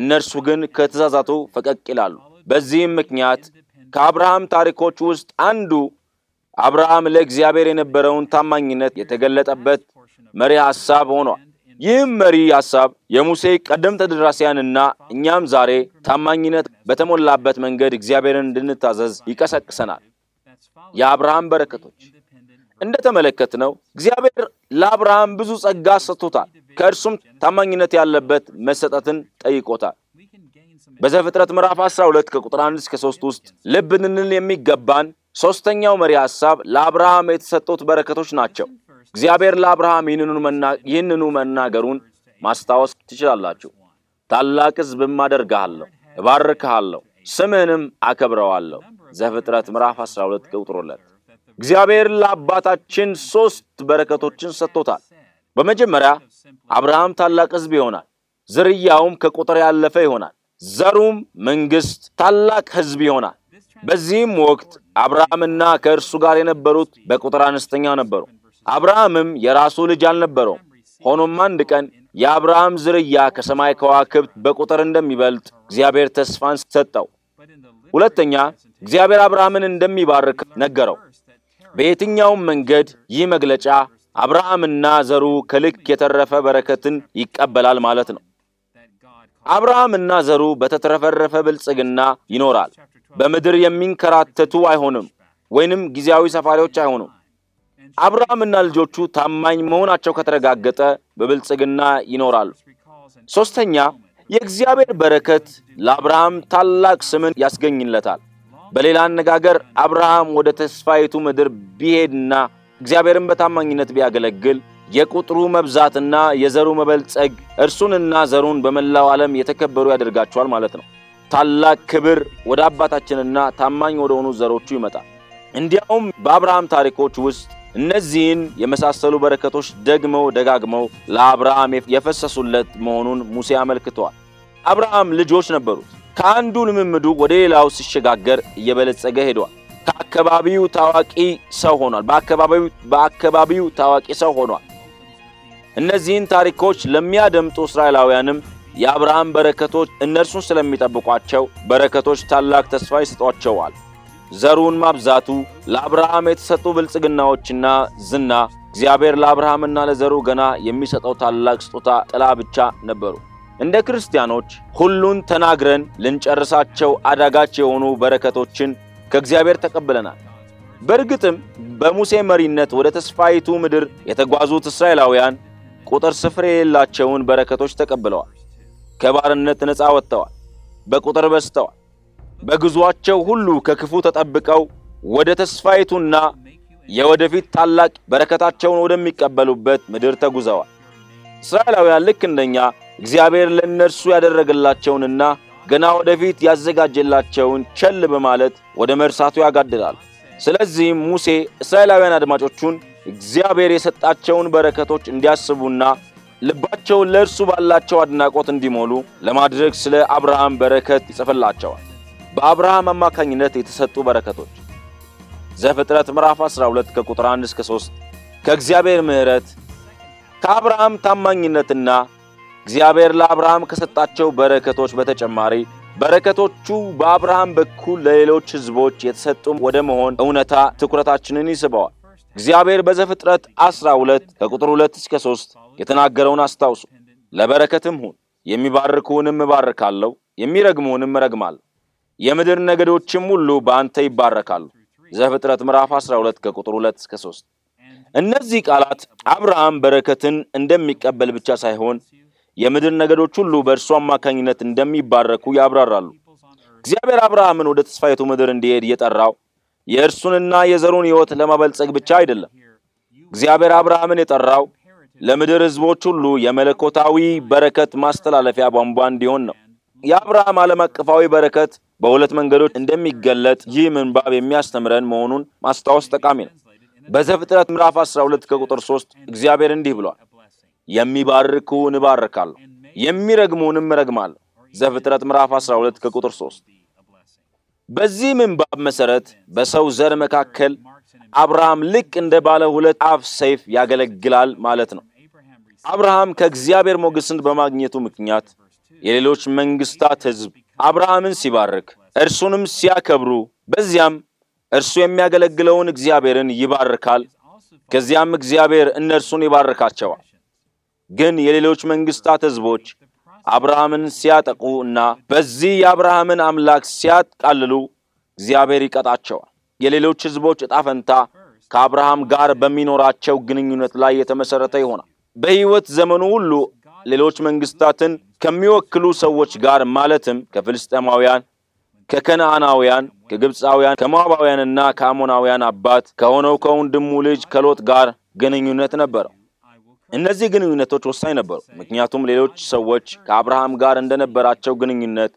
እነርሱ ግን ከትእዛዛቱ ፈቀቅ ይላሉ። በዚህም ምክንያት ከአብርሃም ታሪኮች ውስጥ አንዱ አብርሃም ለእግዚአብሔር የነበረውን ታማኝነት የተገለጠበት መሪ ሐሳብ ሆኗል። ይህም መሪ ሐሳብ የሙሴ ቀደም ተደራሲያንና እኛም ዛሬ ታማኝነት በተሞላበት መንገድ እግዚአብሔርን እንድንታዘዝ ይቀሰቅሰናል። የአብርሃም በረከቶች እንደተመለከትነው እግዚአብሔር ለአብርሃም ብዙ ጸጋ ሰጥቶታል። ከእርሱም ታማኝነት ያለበት መሰጠትን ጠይቆታል። በዘፍጥረት ምዕራፍ 12 ከቁጥር 1 እስከ 3 ውስጥ ልብ ልንል የሚገባን ሦስተኛው መሪ ሐሳብ ለአብርሃም የተሰጡት በረከቶች ናቸው። እግዚአብሔር ለአብርሃም ይህንኑ መናገሩን ማስታወስ ትችላላችሁ። ታላቅ ሕዝብም አደርግሃለሁ፣ እባርክሃለሁ፣ ስምህንም አከብረዋለሁ። ዘፍጥረት ምዕራፍ 12 ቁጥር እግዚአብሔር ለአባታችን ሦስት በረከቶችን ሰጥቶታል። በመጀመሪያ አብርሃም ታላቅ ሕዝብ ይሆናል፣ ዝርያውም ከቁጥር ያለፈ ይሆናል፣ ዘሩም መንግሥት ታላቅ ሕዝብ ይሆናል። በዚህም ወቅት አብርሃምና ከእርሱ ጋር የነበሩት በቁጥር አነስተኛ ነበሩ። አብርሃምም የራሱ ልጅ አልነበረውም። ሆኖም አንድ ቀን የአብርሃም ዝርያ ከሰማይ ከዋክብት በቁጥር እንደሚበልጥ እግዚአብሔር ተስፋን ሰጠው። ሁለተኛ እግዚአብሔር አብርሃምን እንደሚባርክ ነገረው። በየትኛውም መንገድ ይህ መግለጫ አብርሃምና ዘሩ ከልክ የተረፈ በረከትን ይቀበላል ማለት ነው። አብርሃምና ዘሩ በተትረፈረፈ ብልጽግና ይኖራል። በምድር የሚንከራተቱ አይሆንም፣ ወይንም ጊዜያዊ ሰፋሪዎች አይሆኑም። አብርሃምና ልጆቹ ታማኝ መሆናቸው ከተረጋገጠ በብልጽግና ይኖራሉ። ሦስተኛ፣ የእግዚአብሔር በረከት ለአብርሃም ታላቅ ስምን ያስገኝለታል። በሌላ አነጋገር አብርሃም ወደ ተስፋይቱ ምድር ቢሄድና እግዚአብሔርን በታማኝነት ቢያገለግል የቁጥሩ መብዛትና የዘሩ መበልጸግ እርሱንና ዘሩን በመላው ዓለም የተከበሩ ያደርጋቸዋል ማለት ነው። ታላቅ ክብር ወደ አባታችንና ታማኝ ወደ ሆኑ ዘሮቹ ይመጣል። እንዲያውም በአብርሃም ታሪኮች ውስጥ እነዚህን የመሳሰሉ በረከቶች ደግመው ደጋግመው ለአብርሃም የፈሰሱለት መሆኑን ሙሴ አመልክተዋል። አብርሃም ልጆች ነበሩት። ከአንዱ ልምምዱ ወደ ሌላው ሲሸጋገር እየበለጸገ ሄደዋል። ከአካባቢው ታዋቂ ሰው ሆኗል። በአካባቢው ታዋቂ ሰው ሆኗል። እነዚህን ታሪኮች ለሚያደምጡ እስራኤላውያንም የአብርሃም በረከቶች እነርሱን ስለሚጠብቋቸው በረከቶች ታላቅ ተስፋ ይሰጧቸዋል። ዘሩን ማብዛቱ ለአብርሃም የተሰጡ ብልጽግናዎችና ዝና እግዚአብሔር ለአብርሃምና ለዘሩ ገና የሚሰጠው ታላቅ ስጦታ ጥላ ብቻ ነበሩ። እንደ ክርስቲያኖች ሁሉን ተናግረን ልንጨርሳቸው አዳጋች የሆኑ በረከቶችን ከእግዚአብሔር ተቀብለናል። በእርግጥም በሙሴ መሪነት ወደ ተስፋይቱ ምድር የተጓዙት እስራኤላውያን ቁጥር ስፍር የሌላቸውን በረከቶች ተቀብለዋል። ከባርነት ነፃ ወጥተዋል። በቁጥር በዝተዋል። በግዟቸው ሁሉ ከክፉ ተጠብቀው ወደ ተስፋይቱና የወደፊት ታላቅ በረከታቸውን ወደሚቀበሉበት ምድር ተጉዘዋል። እስራኤላውያን ልክ እንደኛ እግዚአብሔር ለእነርሱ ያደረገላቸውንና ገና ወደፊት ያዘጋጀላቸውን ቸል በማለት ወደ መርሳቱ ያጋድላል። ስለዚህም ሙሴ እስራኤላውያን አድማጮቹን እግዚአብሔር የሰጣቸውን በረከቶች እንዲያስቡና ልባቸውን ለእርሱ ባላቸው አድናቆት እንዲሞሉ ለማድረግ ስለ አብርሃም በረከት ይጽፍላቸዋል። በአብርሃም አማካኝነት የተሰጡ በረከቶች ዘፍጥረት ምዕራፍ 12 ከቁጥር 1 እስከ 3 ከእግዚአብሔር ምሕረት ከአብርሃም ታማኝነትና እግዚአብሔር ለአብርሃም ከሰጣቸው በረከቶች በተጨማሪ በረከቶቹ በአብርሃም በኩል ለሌሎች ሕዝቦች የተሰጡ ወደ መሆን እውነታ ትኩረታችንን ይስበዋል። እግዚአብሔር በዘፍጥረት 12 ከቁጥር 2 እስከ 3 የተናገረውን አስታውሱ። ለበረከትም ሁን፣ የሚባርኩህንም እባርካለሁ፣ የሚረግሙህንም እረግማለሁ የምድር ነገዶችም ሁሉ በአንተ ይባረካሉ። ዘፍጥረት ምዕራፍ 12 ከቁጥር 2 እስከ 3። እነዚህ ቃላት አብርሃም በረከትን እንደሚቀበል ብቻ ሳይሆን የምድር ነገዶች ሁሉ በእርሱ አማካኝነት እንደሚባረኩ ያብራራሉ። እግዚአብሔር አብርሃምን ወደ ተስፋይቱ ምድር እንዲሄድ የጠራው የእርሱንና የዘሩን ሕይወት ለማበልጸግ ብቻ አይደለም። እግዚአብሔር አብርሃምን የጠራው ለምድር ሕዝቦች ሁሉ የመለኮታዊ በረከት ማስተላለፊያ ቧንቧ እንዲሆን ነው። የአብርሃም ዓለም አቀፋዊ በረከት በሁለት መንገዶች እንደሚገለጥ ይህ ምንባብ የሚያስተምረን መሆኑን ማስታወስ ጠቃሚ ነው። በዘፍጥረት ምዕራፍ 12 ከቁጥር 3 እግዚአብሔር እንዲህ ብሏል፣ የሚባርኩን እባርካለሁ፣ የሚረግሙንም እረግማለሁ። ዘፍጥረት ምዕራፍ 12 ከቁጥር 3። በዚህ ምንባብ መሰረት በሰው ዘር መካከል አብርሃም ልክ እንደ ባለ ሁለት አፍ ሰይፍ ያገለግላል ማለት ነው። አብርሃም ከእግዚአብሔር ሞገስን በማግኘቱ ምክንያት የሌሎች መንግስታት ሕዝብ አብርሃምን ሲባርክ እርሱንም ሲያከብሩ በዚያም እርሱ የሚያገለግለውን እግዚአብሔርን ይባርካል። ከዚያም እግዚአብሔር እነርሱን ይባርካቸዋል። ግን የሌሎች መንግስታት ሕዝቦች አብርሃምን ሲያጠቁ እና በዚህ የአብርሃምን አምላክ ሲያቃልሉ እግዚአብሔር ይቀጣቸዋል። የሌሎች ሕዝቦች ዕጣ ፈንታ ከአብርሃም ጋር በሚኖራቸው ግንኙነት ላይ የተመሠረተ ይሆናል። በሕይወት ዘመኑ ሁሉ ሌሎች መንግስታትን ከሚወክሉ ሰዎች ጋር ማለትም ከፍልስጤማውያን፣ ከከነዓናውያን፣ ከግብፃውያን፣ ከሞዓባውያንና ከአሞናውያን አባት ከሆነው ከወንድሙ ልጅ ከሎጥ ጋር ግንኙነት ነበረው። እነዚህ ግንኙነቶች ወሳኝ ነበሩ፣ ምክንያቱም ሌሎች ሰዎች ከአብርሃም ጋር እንደነበራቸው ግንኙነት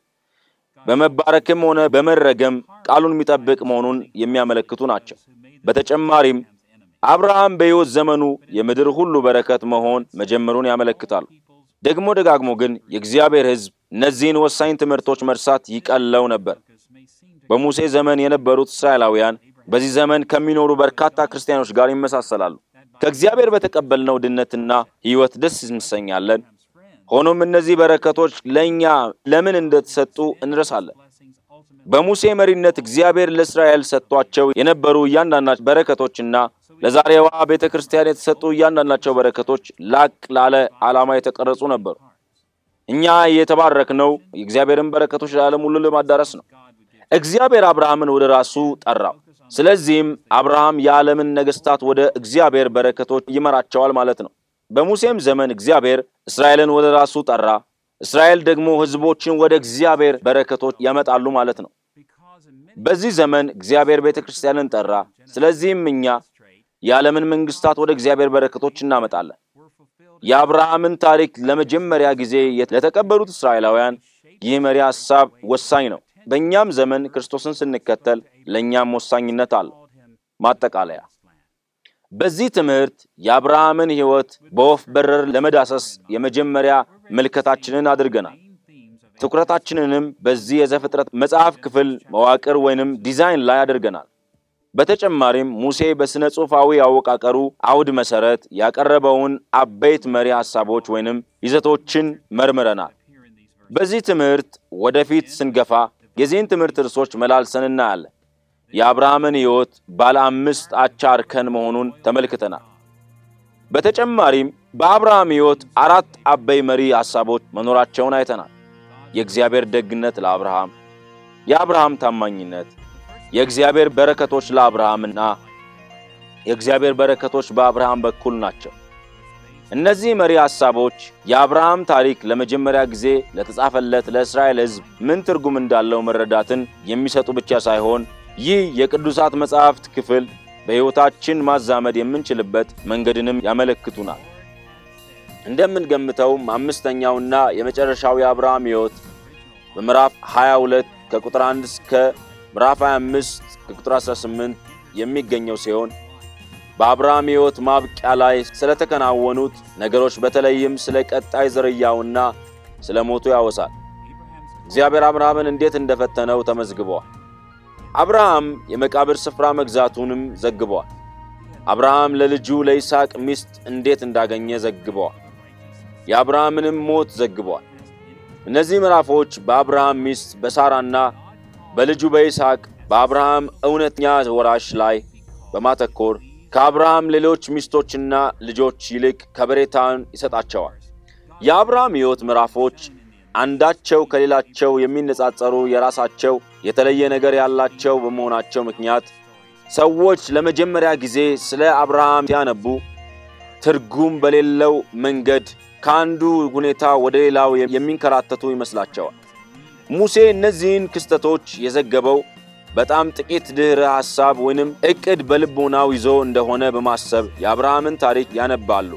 በመባረክም ሆነ በመረገም ቃሉን የሚጠብቅ መሆኑን የሚያመለክቱ ናቸው። በተጨማሪም አብርሃም በሕይወት ዘመኑ የምድር ሁሉ በረከት መሆን መጀመሩን ያመለክታሉ። ደግሞ ደጋግሞ ግን የእግዚአብሔር ሕዝብ እነዚህን ወሳኝ ትምህርቶች መርሳት ይቀለው ነበር። በሙሴ ዘመን የነበሩት እስራኤላውያን በዚህ ዘመን ከሚኖሩ በርካታ ክርስቲያኖች ጋር ይመሳሰላሉ። ከእግዚአብሔር በተቀበልነው ድነትና ሕይወት ደስ እንሰኛለን። ሆኖም እነዚህ በረከቶች ለእኛ ለምን እንደተሰጡ እንረሳለን። በሙሴ መሪነት እግዚአብሔር ለእስራኤል ሰጥቷቸው የነበሩ እያንዳንዳች በረከቶችና ለዛሬዋ ቤተ ክርስቲያን የተሰጡ እያንዳንዳቸው በረከቶች ላቅ ላለ ዓላማ የተቀረጹ ነበሩ። እኛ የተባረክነው የእግዚአብሔርን በረከቶች ለዓለም ሁሉ ለማዳረስ ነው። እግዚአብሔር አብርሃምን ወደ ራሱ ጠራው። ስለዚህም አብርሃም የዓለምን ነገሥታት ወደ እግዚአብሔር በረከቶች ይመራቸዋል ማለት ነው። በሙሴም ዘመን እግዚአብሔር እስራኤልን ወደ ራሱ ጠራ። እስራኤል ደግሞ ሕዝቦችን ወደ እግዚአብሔር በረከቶች ያመጣሉ ማለት ነው። በዚህ ዘመን እግዚአብሔር ቤተ ክርስቲያንን ጠራ። ስለዚህም እኛ የዓለምን መንግስታት ወደ እግዚአብሔር በረከቶች እናመጣለን። የአብርሃምን ታሪክ ለመጀመሪያ ጊዜ ለተቀበሉት እስራኤላውያን ይህ መሪ ሐሳብ ወሳኝ ነው። በእኛም ዘመን ክርስቶስን ስንከተል ለእኛም ወሳኝነት አለ። ማጠቃለያ፣ በዚህ ትምህርት የአብርሃምን ሕይወት በወፍ በረር ለመዳሰስ የመጀመሪያ ምልከታችንን አድርገናል። ትኩረታችንንም በዚህ የዘፍጥረት መጽሐፍ ክፍል መዋቅር ወይንም ዲዛይን ላይ አድርገናል። በተጨማሪም ሙሴ በሥነ ጽሑፋዊ አወቃቀሩ አውድ መሠረት ያቀረበውን አበይት መሪ ሐሳቦች ወይንም ይዘቶችን መርምረናል። በዚህ ትምህርት ወደፊት ስንገፋ የዚህን ትምህርት እርሶች መላልሰን እናያለን። የአብርሃምን ሕይወት ባለ አምስት አቻ እርከን መሆኑን ተመልክተናል። በተጨማሪም በአብርሃም ሕይወት አራት አበይ መሪ ሐሳቦች መኖራቸውን አይተናል። የእግዚአብሔር ደግነት ለአብርሃም፣ የአብርሃም ታማኝነት፣ የእግዚአብሔር በረከቶች ለአብርሃምና የእግዚአብሔር በረከቶች በአብርሃም በኩል ናቸው። እነዚህ መሪ ሐሳቦች የአብርሃም ታሪክ ለመጀመሪያ ጊዜ ለተጻፈለት ለእስራኤል ሕዝብ ምን ትርጉም እንዳለው መረዳትን የሚሰጡ ብቻ ሳይሆን ይህ የቅዱሳት መጻሕፍት ክፍል በሕይወታችን ማዛመድ የምንችልበት መንገድንም ያመለክቱናል። እንደምንገምተውም አምስተኛውና የመጨረሻው የአብርሃም ሕይወት በምዕራፍ 22 ከቁጥር 1 እስከ ምዕራፍ 25 ከቁጥር 18 የሚገኘው ሲሆን በአብርሃም ሕይወት ማብቂያ ላይ ስለተከናወኑት ነገሮች በተለይም ስለ ቀጣይ ዝርያውና ስለ ሞቱ ያወሳል። እግዚአብሔር አብርሃምን እንዴት እንደፈተነው ተመዝግበዋል። አብርሃም የመቃብር ስፍራ መግዛቱንም ዘግበዋል። አብርሃም ለልጁ ለይስሐቅ ሚስት እንዴት እንዳገኘ ዘግበዋል። የአብርሃምንም ሞት ዘግበዋል። እነዚህ ምዕራፎች በአብርሃም ሚስት በሳራና በልጁ በይስሐቅ በአብርሃም እውነተኛ ወራሽ ላይ በማተኮር ከአብርሃም ሌሎች ሚስቶችና ልጆች ይልቅ ከበሬታን ይሰጣቸዋል። የአብርሃም ሕይወት ምዕራፎች አንዳቸው ከሌላቸው የሚነጻጸሩ የራሳቸው የተለየ ነገር ያላቸው በመሆናቸው ምክንያት ሰዎች ለመጀመሪያ ጊዜ ስለ አብርሃም ሲያነቡ ትርጉም በሌለው መንገድ ከአንዱ ሁኔታ ወደ ሌላው የሚንከራተቱ ይመስላቸዋል። ሙሴ እነዚህን ክስተቶች የዘገበው በጣም ጥቂት ድኅረ ሐሳብ ወይንም ዕቅድ በልቦናው ይዞ እንደሆነ በማሰብ የአብርሃምን ታሪክ ያነባሉ።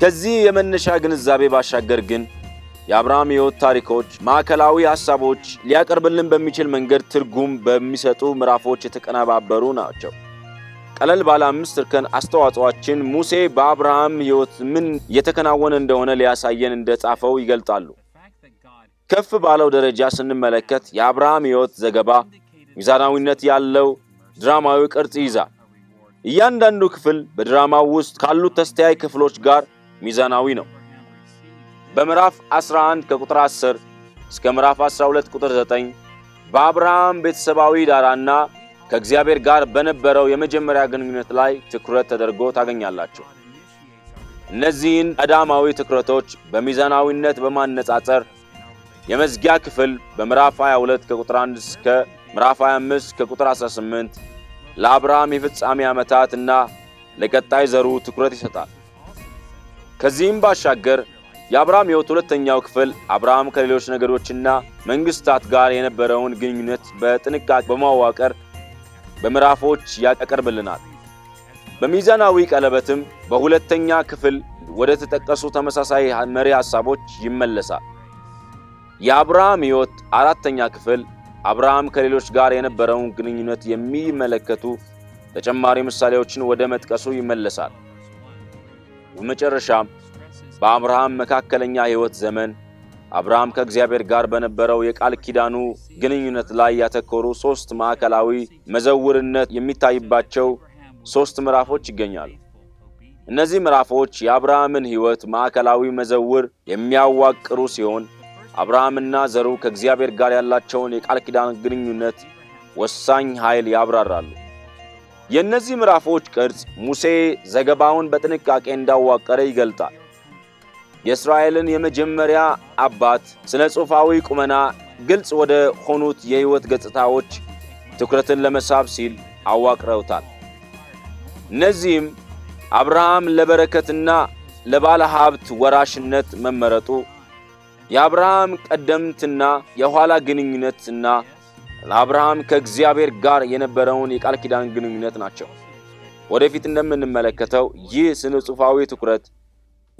ከዚህ የመነሻ ግንዛቤ ባሻገር ግን የአብርሃም ሕይወት ታሪኮች ማዕከላዊ ሐሳቦች ሊያቀርብልን በሚችል መንገድ ትርጉም በሚሰጡ ምዕራፎች የተቀነባበሩ ናቸው። ቀለል ባለ አምስት እርከን አስተዋጽኦአችን ሙሴ በአብርሃም ሕይወት ምን የተከናወነ እንደሆነ ሊያሳየን እንደጻፈው ይገልጣሉ። ከፍ ባለው ደረጃ ስንመለከት የአብርሃም ሕይወት ዘገባ ሚዛናዊነት ያለው ድራማዊ ቅርጽ ይይዛል። እያንዳንዱ ክፍል በድራማው ውስጥ ካሉት ተስተያይ ክፍሎች ጋር ሚዛናዊ ነው። በምዕራፍ 11 ከቁጥር 10 እስከ ምዕራፍ 12 ቁጥር 9 በአብርሃም ቤተሰባዊ ዳራና ከእግዚአብሔር ጋር በነበረው የመጀመሪያ ግንኙነት ላይ ትኩረት ተደርጎ ታገኛላችሁ። እነዚህን ቀዳማዊ ትኩረቶች በሚዛናዊነት በማነጻጸር የመዝጊያ ክፍል በምዕራፍ 22 ከቁጥር 1 እስከ ምዕራፍ 25 ከቁጥር 18 ለአብርሃም የፍጻሜ ዓመታት እና ለቀጣይ ዘሩ ትኩረት ይሰጣል። ከዚህም ባሻገር የአብርሃም ሕይወት ሁለተኛው ክፍል አብርሃም ከሌሎች ነገዶችና መንግሥታት ጋር የነበረውን ግንኙነት በጥንቃቄ በማዋቀር በምዕራፎች ያቀርብልናል። በሚዛናዊ ቀለበትም በሁለተኛ ክፍል ወደ ተጠቀሱ ተመሳሳይ መሪ ሐሳቦች ይመለሳል። የአብርሃም ሕይወት አራተኛ ክፍል አብርሃም ከሌሎች ጋር የነበረውን ግንኙነት የሚመለከቱ ተጨማሪ ምሳሌዎችን ወደ መጥቀሱ ይመለሳል። በመጨረሻም በአብርሃም መካከለኛ ሕይወት ዘመን አብርሃም ከእግዚአብሔር ጋር በነበረው የቃል ኪዳኑ ግንኙነት ላይ ያተኮሩ ሦስት ማዕከላዊ መዘውርነት የሚታይባቸው ሦስት ምዕራፎች ይገኛሉ። እነዚህ ምዕራፎች የአብርሃምን ሕይወት ማዕከላዊ መዘውር የሚያዋቅሩ ሲሆን አብርሃምና ዘሩ ከእግዚአብሔር ጋር ያላቸውን የቃል ኪዳን ግንኙነት ወሳኝ ኃይል ያብራራሉ። የእነዚህ ምዕራፎች ቅርጽ ሙሴ ዘገባውን በጥንቃቄ እንዳዋቀረ ይገልጣል። የእስራኤልን የመጀመሪያ አባት ስነ ጽሑፋዊ ቁመና ግልጽ ወደ ሆኑት የሕይወት ገጽታዎች ትኩረትን ለመሳብ ሲል አዋቅረውታል። እነዚህም አብርሃም ለበረከትና ለባለ ሀብት ወራሽነት መመረጡ የአብርሃም ቀደምትና የኋላ ግንኙነትና ለአብርሃም ከእግዚአብሔር ጋር የነበረውን የቃል ኪዳን ግንኙነት ናቸው። ወደፊት እንደምንመለከተው ይህ ስነ ጽሑፋዊ ትኩረት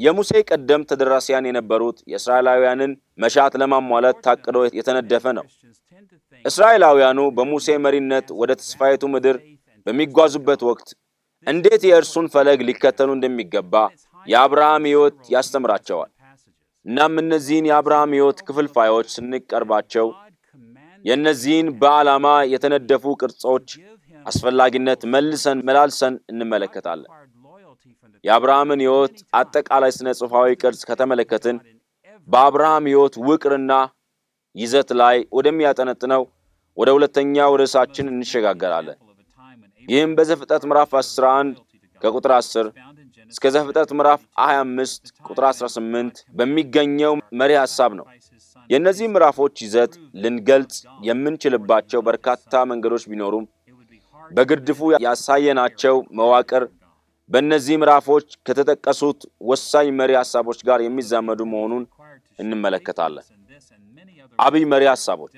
የሙሴ ቀደምት ተደራሲያን የነበሩት የእስራኤላውያንን መሻት ለማሟላት ታቅዶ የተነደፈ ነው። እስራኤላውያኑ በሙሴ መሪነት ወደ ተስፋይቱ ምድር በሚጓዙበት ወቅት እንዴት የእርሱን ፈለግ ሊከተሉ እንደሚገባ የአብርሃም ሕይወት ያስተምራቸዋል። እናም እነዚህን የአብርሃም ሕይወት ክፍልፋዮች ስንቀርባቸው የእነዚህን በዓላማ የተነደፉ ቅርጾች አስፈላጊነት መልሰን መላልሰን እንመለከታለን። የአብርሃምን ሕይወት አጠቃላይ ሥነ ጽሑፋዊ ቅርጽ ከተመለከትን በአብርሃም ሕይወት ውቅርና ይዘት ላይ ወደሚያጠነጥነው ወደ ሁለተኛው ርዕሳችን እንሸጋገራለን። ይህም በዘፍጥረት ምዕራፍ 11 ከቁጥር 10 እስከ ዘፍጥረት ምዕራፍ 25 ቁጥር 18 በሚገኘው መሪ ሐሳብ ነው። የእነዚህ ምዕራፎች ይዘት ልንገልጽ የምንችልባቸው በርካታ መንገዶች ቢኖሩም በግርድፉ ያሳየናቸው መዋቅር በእነዚህ ምዕራፎች ከተጠቀሱት ወሳኝ መሪ ሐሳቦች ጋር የሚዛመዱ መሆኑን እንመለከታለን። አብይ መሪ ሐሳቦች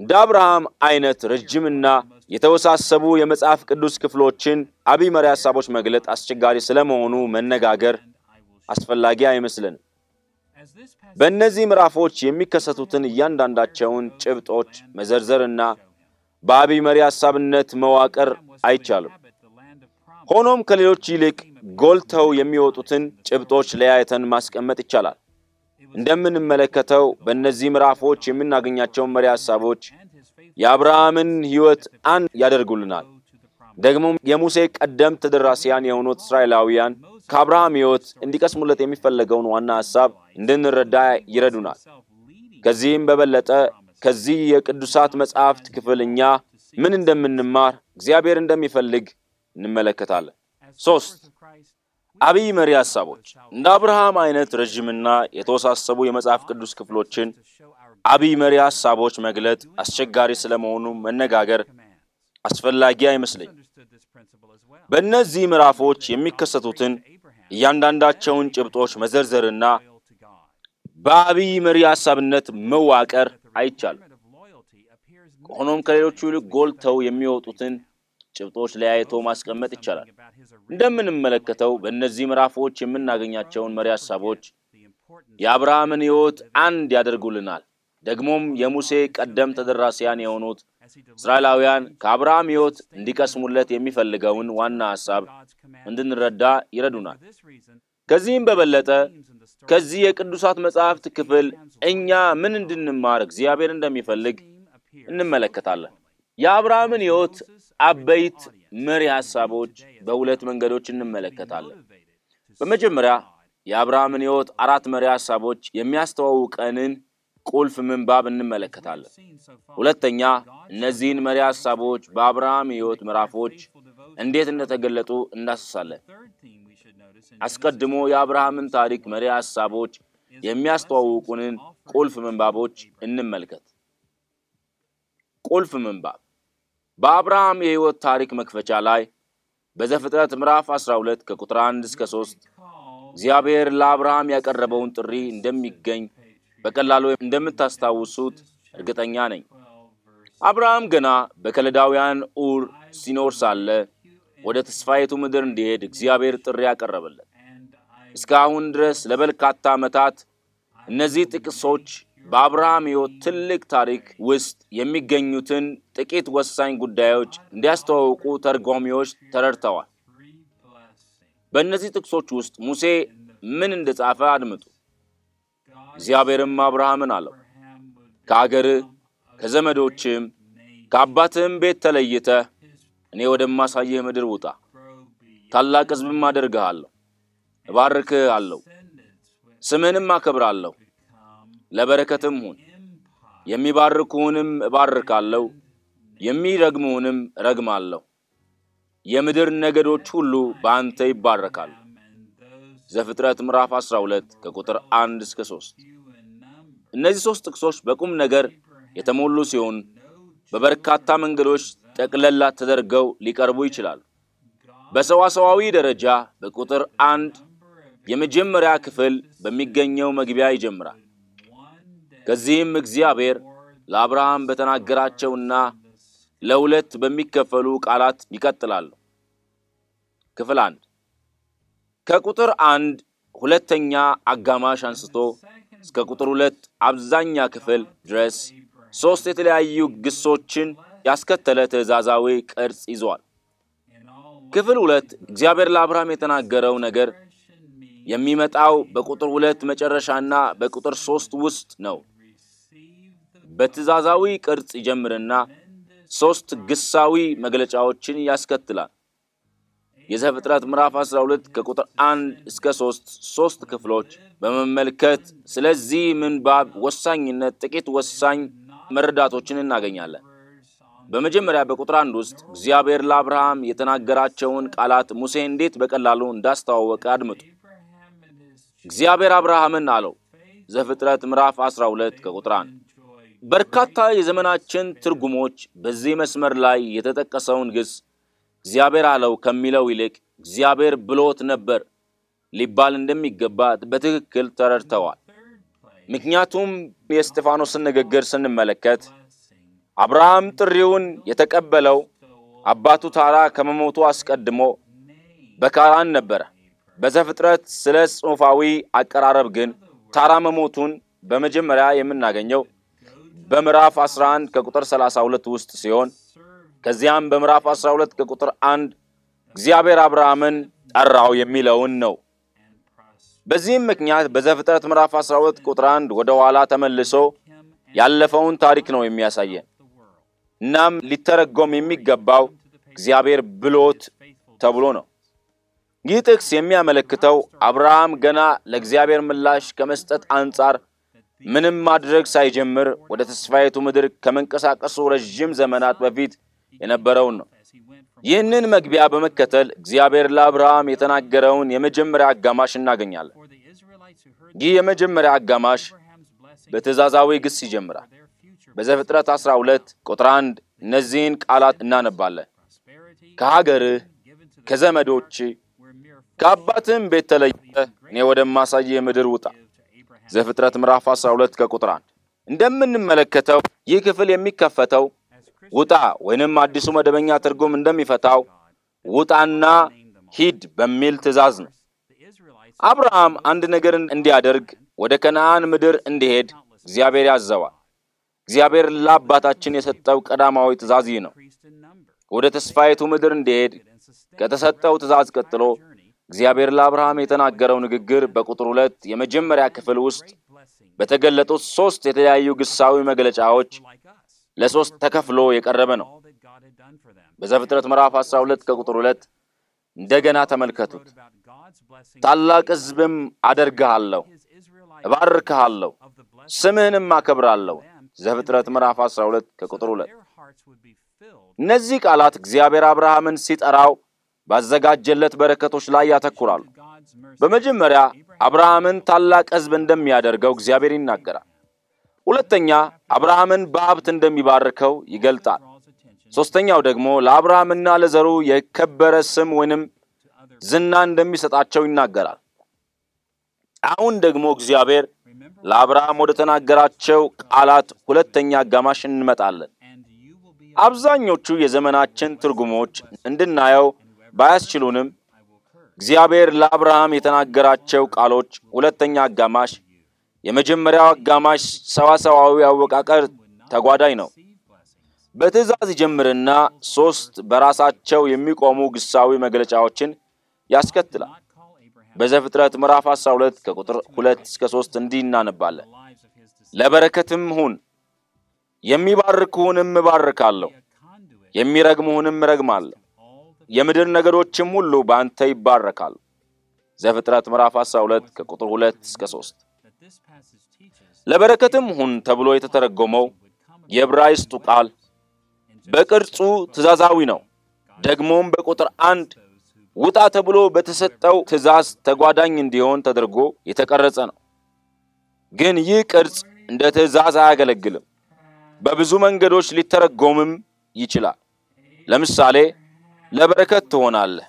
እንደ አብርሃም አይነት ረጅምና የተወሳሰቡ የመጽሐፍ ቅዱስ ክፍሎችን አብይ መሪ ሀሳቦች መግለጥ አስቸጋሪ ስለመሆኑ መነጋገር አስፈላጊ አይመስልንም። በእነዚህ ምዕራፎች የሚከሰቱትን እያንዳንዳቸውን ጭብጦች መዘርዘርና በአብይ መሪ ሀሳብነት መዋቅር አይቻልም። ሆኖም ከሌሎች ይልቅ ጎልተው የሚወጡትን ጭብጦች ለያየተን ማስቀመጥ ይቻላል። እንደምንመለከተው በእነዚህ ምዕራፎች የምናገኛቸውን መሪ ሐሳቦች የአብርሃምን ሕይወት አንድ ያደርጉልናል። ደግሞም የሙሴ ቀደምት ተደራሲያን የሆኑት እስራኤላውያን ከአብርሃም ሕይወት እንዲቀስሙለት የሚፈለገውን ዋና ሐሳብ እንድንረዳ ይረዱናል። ከዚህም በበለጠ ከዚህ የቅዱሳት መጻሕፍት ክፍል እኛ ምን እንደምንማር እግዚአብሔር እንደሚፈልግ እንመለከታለን። ሶስት አብይ መሪ ሐሳቦች እንደ አብርሃም አይነት ረዥምና የተወሳሰቡ የመጽሐፍ ቅዱስ ክፍሎችን አብይ መሪ ሐሳቦች መግለጥ አስቸጋሪ ስለመሆኑ መነጋገር አስፈላጊ አይመስለኝ። በእነዚህ ምዕራፎች የሚከሰቱትን እያንዳንዳቸውን ጭብጦች መዘርዘርና በአብይ መሪ ሐሳብነት መዋቀር አይቻልም። ሆኖም ከሌሎቹ ይልቅ ጎልተው የሚወጡትን ጭብጦች ለያይቶ ማስቀመጥ ይቻላል። እንደምንመለከተው በእነዚህ ምዕራፎች የምናገኛቸውን መሪ ሐሳቦች የአብርሃምን ሕይወት አንድ ያደርጉልናል። ደግሞም የሙሴ ቀደም ተደራሲያን የሆኑት እስራኤላውያን ከአብርሃም ሕይወት እንዲቀስሙለት የሚፈልገውን ዋና ሐሳብ እንድንረዳ ይረዱናል። ከዚህም በበለጠ ከዚህ የቅዱሳት መጻሕፍት ክፍል እኛ ምን እንድንማር እግዚአብሔር እንደሚፈልግ እንመለከታለን። የአብርሃምን ሕይወት አበይት መሪ ሐሳቦች በሁለት መንገዶች እንመለከታለን። በመጀመሪያ የአብርሃምን ሕይወት አራት መሪ ሐሳቦች የሚያስተዋውቀንን ቁልፍ ምንባብ እንመለከታለን። ሁለተኛ እነዚህን መሪ ሐሳቦች በአብርሃም ሕይወት ምዕራፎች እንዴት እንደተገለጡ እናስሳለን። አስቀድሞ የአብርሃምን ታሪክ መሪ ሐሳቦች የሚያስተዋውቁንን ቁልፍ ምንባቦች እንመልከት። ቁልፍ ምንባብ በአብርሃም የሕይወት ታሪክ መክፈቻ ላይ በዘፍጥረት ምዕራፍ 12 ከቁጥር 1 እስከ 3 እግዚአብሔር ለአብርሃም ያቀረበውን ጥሪ እንደሚገኝ በቀላሉ እንደምታስታውሱት እርግጠኛ ነኝ። አብርሃም ገና በከለዳውያን ኡር ሲኖር ሳለ ወደ ተስፋይቱ ምድር እንዲሄድ እግዚአብሔር ጥሪ ያቀረበለት። እስካሁን ድረስ ለበርካታ ዓመታት እነዚህ ጥቅሶች በአብርሃም ሕይወት ትልቅ ታሪክ ውስጥ የሚገኙትን ጥቂት ወሳኝ ጉዳዮች እንዲያስተዋውቁ ተርጓሚዎች ተረድተዋል። በእነዚህ ጥቅሶች ውስጥ ሙሴ ምን እንደጻፈ አድምጡ። እግዚአብሔርም አብርሃምን አለው፣ ከአገርህ ከዘመዶችም ከአባትህም ቤት ተለይተህ እኔ ወደማሳየህ ምድር ውጣ። ታላቅ ሕዝብም አደርግሃለሁ፣ እባርክህ አለው፣ ስምህንም አከብራለሁ ለበረከትም ሁን። የሚባርኩህንም እባርካለሁ፣ የሚረግሙህንም እረግማለሁ። የምድር ነገዶች ሁሉ በአንተ ይባረካሉ። ዘፍጥረት ምዕራፍ 12 ከቁጥር 1 እስከ 3። እነዚህ ሦስት ጥቅሶች በቁም ነገር የተሞሉ ሲሆን በበርካታ መንገዶች ጠቅለላ ተደርገው ሊቀርቡ ይችላሉ። በሰዋሰዋዊ ደረጃ በቁጥር አንድ የመጀመሪያ ክፍል በሚገኘው መግቢያ ይጀምራል። ከዚህም እግዚአብሔር ለአብርሃም በተናገራቸውና ለሁለት በሚከፈሉ ቃላት ይቀጥላሉ። ክፍል አንድ ከቁጥር አንድ ሁለተኛ አጋማሽ አንስቶ እስከ ቁጥር ሁለት አብዛኛ ክፍል ድረስ ሦስት የተለያዩ ግሶችን ያስከተለ ትእዛዛዊ ቅርጽ ይዟል። ክፍል ሁለት እግዚአብሔር ለአብርሃም የተናገረው ነገር የሚመጣው በቁጥር ሁለት መጨረሻና በቁጥር ሦስት ውስጥ ነው። በትእዛዛዊ ቅርጽ ይጀምርና ሦስት ግሳዊ መግለጫዎችን ያስከትላል። የዘፍጥረት ምዕራፍ 12 ከቁጥር 1 እስከ 3 ሶስት ክፍሎች በመመልከት ስለዚህ ምንባብ ወሳኝነት ጥቂት ወሳኝ መረዳቶችን እናገኛለን። በመጀመሪያ በቁጥር አንድ ውስጥ እግዚአብሔር ለአብርሃም የተናገራቸውን ቃላት ሙሴ እንዴት በቀላሉ እንዳስተዋወቀ አድምጡ። እግዚአብሔር አብርሃምን አለው። ዘፍጥረት ምዕራፍ 12 ከቁጥር 1 በርካታ የዘመናችን ትርጉሞች በዚህ መስመር ላይ የተጠቀሰውን ግስ እግዚአብሔር አለው ከሚለው ይልቅ እግዚአብሔር ብሎት ነበር ሊባል እንደሚገባ በትክክል ተረድተዋል። ምክንያቱም የእስጢፋኖስን ንግግር ስንመለከት አብርሃም ጥሪውን የተቀበለው አባቱ ታራ ከመሞቱ አስቀድሞ በካራን ነበረ። በዘፍጥረት ስለ ጽሑፋዊ አቀራረብ ግን ታራ መሞቱን በመጀመሪያ የምናገኘው በምዕራፍ 11 ከቁጥር 32 ውስጥ ሲሆን ከዚያም በምዕራፍ 12 ከቁጥር 1 እግዚአብሔር አብርሃምን ጠራው የሚለውን ነው። በዚህም ምክንያት በዘፍጥረት ምዕራፍ 12 ቁጥር 1 ወደ ኋላ ተመልሶ ያለፈውን ታሪክ ነው የሚያሳየን። እናም ሊተረጎም የሚገባው እግዚአብሔር ብሎት ተብሎ ነው። ይህ ጥቅስ የሚያመለክተው አብርሃም ገና ለእግዚአብሔር ምላሽ ከመስጠት አንጻር ምንም ማድረግ ሳይጀምር ወደ ተስፋይቱ ምድር ከመንቀሳቀሱ ረዥም ዘመናት በፊት የነበረውን ነው። ይህንን መግቢያ በመከተል እግዚአብሔር ለአብርሃም የተናገረውን የመጀመሪያ አጋማሽ እናገኛለን። ይህ የመጀመሪያ አጋማሽ በትእዛዛዊ ግስ ይጀምራል። በዘፍጥረት 12 ቁጥር 1 እነዚህን ቃላት እናነባለን። ከሀገርህ ከዘመዶች ከአባትም ቤት ተለየ እኔ ወደማሳየ ምድር ውጣ ዘፍጥረት ምዕራፍ 12 ከቁጥር 1 እንደምንመለከተው ይህ ክፍል የሚከፈተው ውጣ ወይንም አዲሱ መደበኛ ትርጉም እንደሚፈታው ውጣና ሂድ በሚል ትእዛዝ ነው። አብርሃም አንድ ነገር እንዲያደርግ ወደ ከነአን ምድር እንዲሄድ እግዚአብሔር ያዘዋል። እግዚአብሔር ለአባታችን የሰጠው ቀዳማዊ ትእዛዝ ይህ ነው። ወደ ተስፋይቱ ምድር እንዲሄድ ከተሰጠው ትእዛዝ ቀጥሎ እግዚአብሔር ለአብርሃም የተናገረው ንግግር በቁጥር ሁለት የመጀመሪያ ክፍል ውስጥ በተገለጡት ሦስት የተለያዩ ግሳዊ መግለጫዎች ለሦስት ተከፍሎ የቀረበ ነው። በዘፍጥረት ምዕራፍ 12 ከቁጥር 2 እንደገና ተመልከቱት። ታላቅ ሕዝብም አደርግሃለሁ፣ እባርክሃለሁ፣ ስምህንም አከብራለሁ። ዘፍጥረት ምዕራፍ 12 ከቁጥር 2 እነዚህ ቃላት እግዚአብሔር አብርሃምን ሲጠራው ባዘጋጀለት በረከቶች ላይ ያተኩራሉ። በመጀመሪያ አብርሃምን ታላቅ ሕዝብ እንደሚያደርገው እግዚአብሔር ይናገራል። ሁለተኛ አብርሃምን በሀብት እንደሚባርከው ይገልጣል። ሦስተኛው ደግሞ ለአብርሃምና ለዘሩ የከበረ ስም ወይንም ዝና እንደሚሰጣቸው ይናገራል። አሁን ደግሞ እግዚአብሔር ለአብርሃም ወደ ተናገራቸው ቃላት ሁለተኛ አጋማሽ እንመጣለን። አብዛኞቹ የዘመናችን ትርጉሞች እንድናየው ባያስችሉንም እግዚአብሔር ለአብርሃም የተናገራቸው ቃሎች ሁለተኛ አጋማሽ የመጀመሪያው አጋማሽ ሰዋሰዋዊ አወቃቀር ተጓዳኝ ነው። በትእዛዝ ጀምርና ሦስት በራሳቸው የሚቆሙ ግሳዊ መግለጫዎችን ያስከትላል። በዘፍጥረት ምዕራፍ 12 ከቁጥር 2 እስከ 3 እንዲህ እናነባለን። ለበረከትም ሁን፣ የሚባርክሁንም እባርካለሁ፣ የሚረግምሁንም እረግማለሁ የምድር ነገዶችም ሁሉ በአንተ ይባረካሉ። ዘፍጥረት ምዕራፍ 12 ከቁጥር 2 እስከ 3። ለበረከትም ሁን ተብሎ የተተረጎመው የዕብራይስጡ ቃል በቅርጹ ትእዛዛዊ ነው። ደግሞም በቁጥር አንድ ውጣ ተብሎ በተሰጠው ትእዛዝ ተጓዳኝ እንዲሆን ተደርጎ የተቀረጸ ነው። ግን ይህ ቅርጽ እንደ ትእዛዝ አያገለግልም። በብዙ መንገዶች ሊተረጎምም ይችላል። ለምሳሌ ለበረከት ትሆናለህ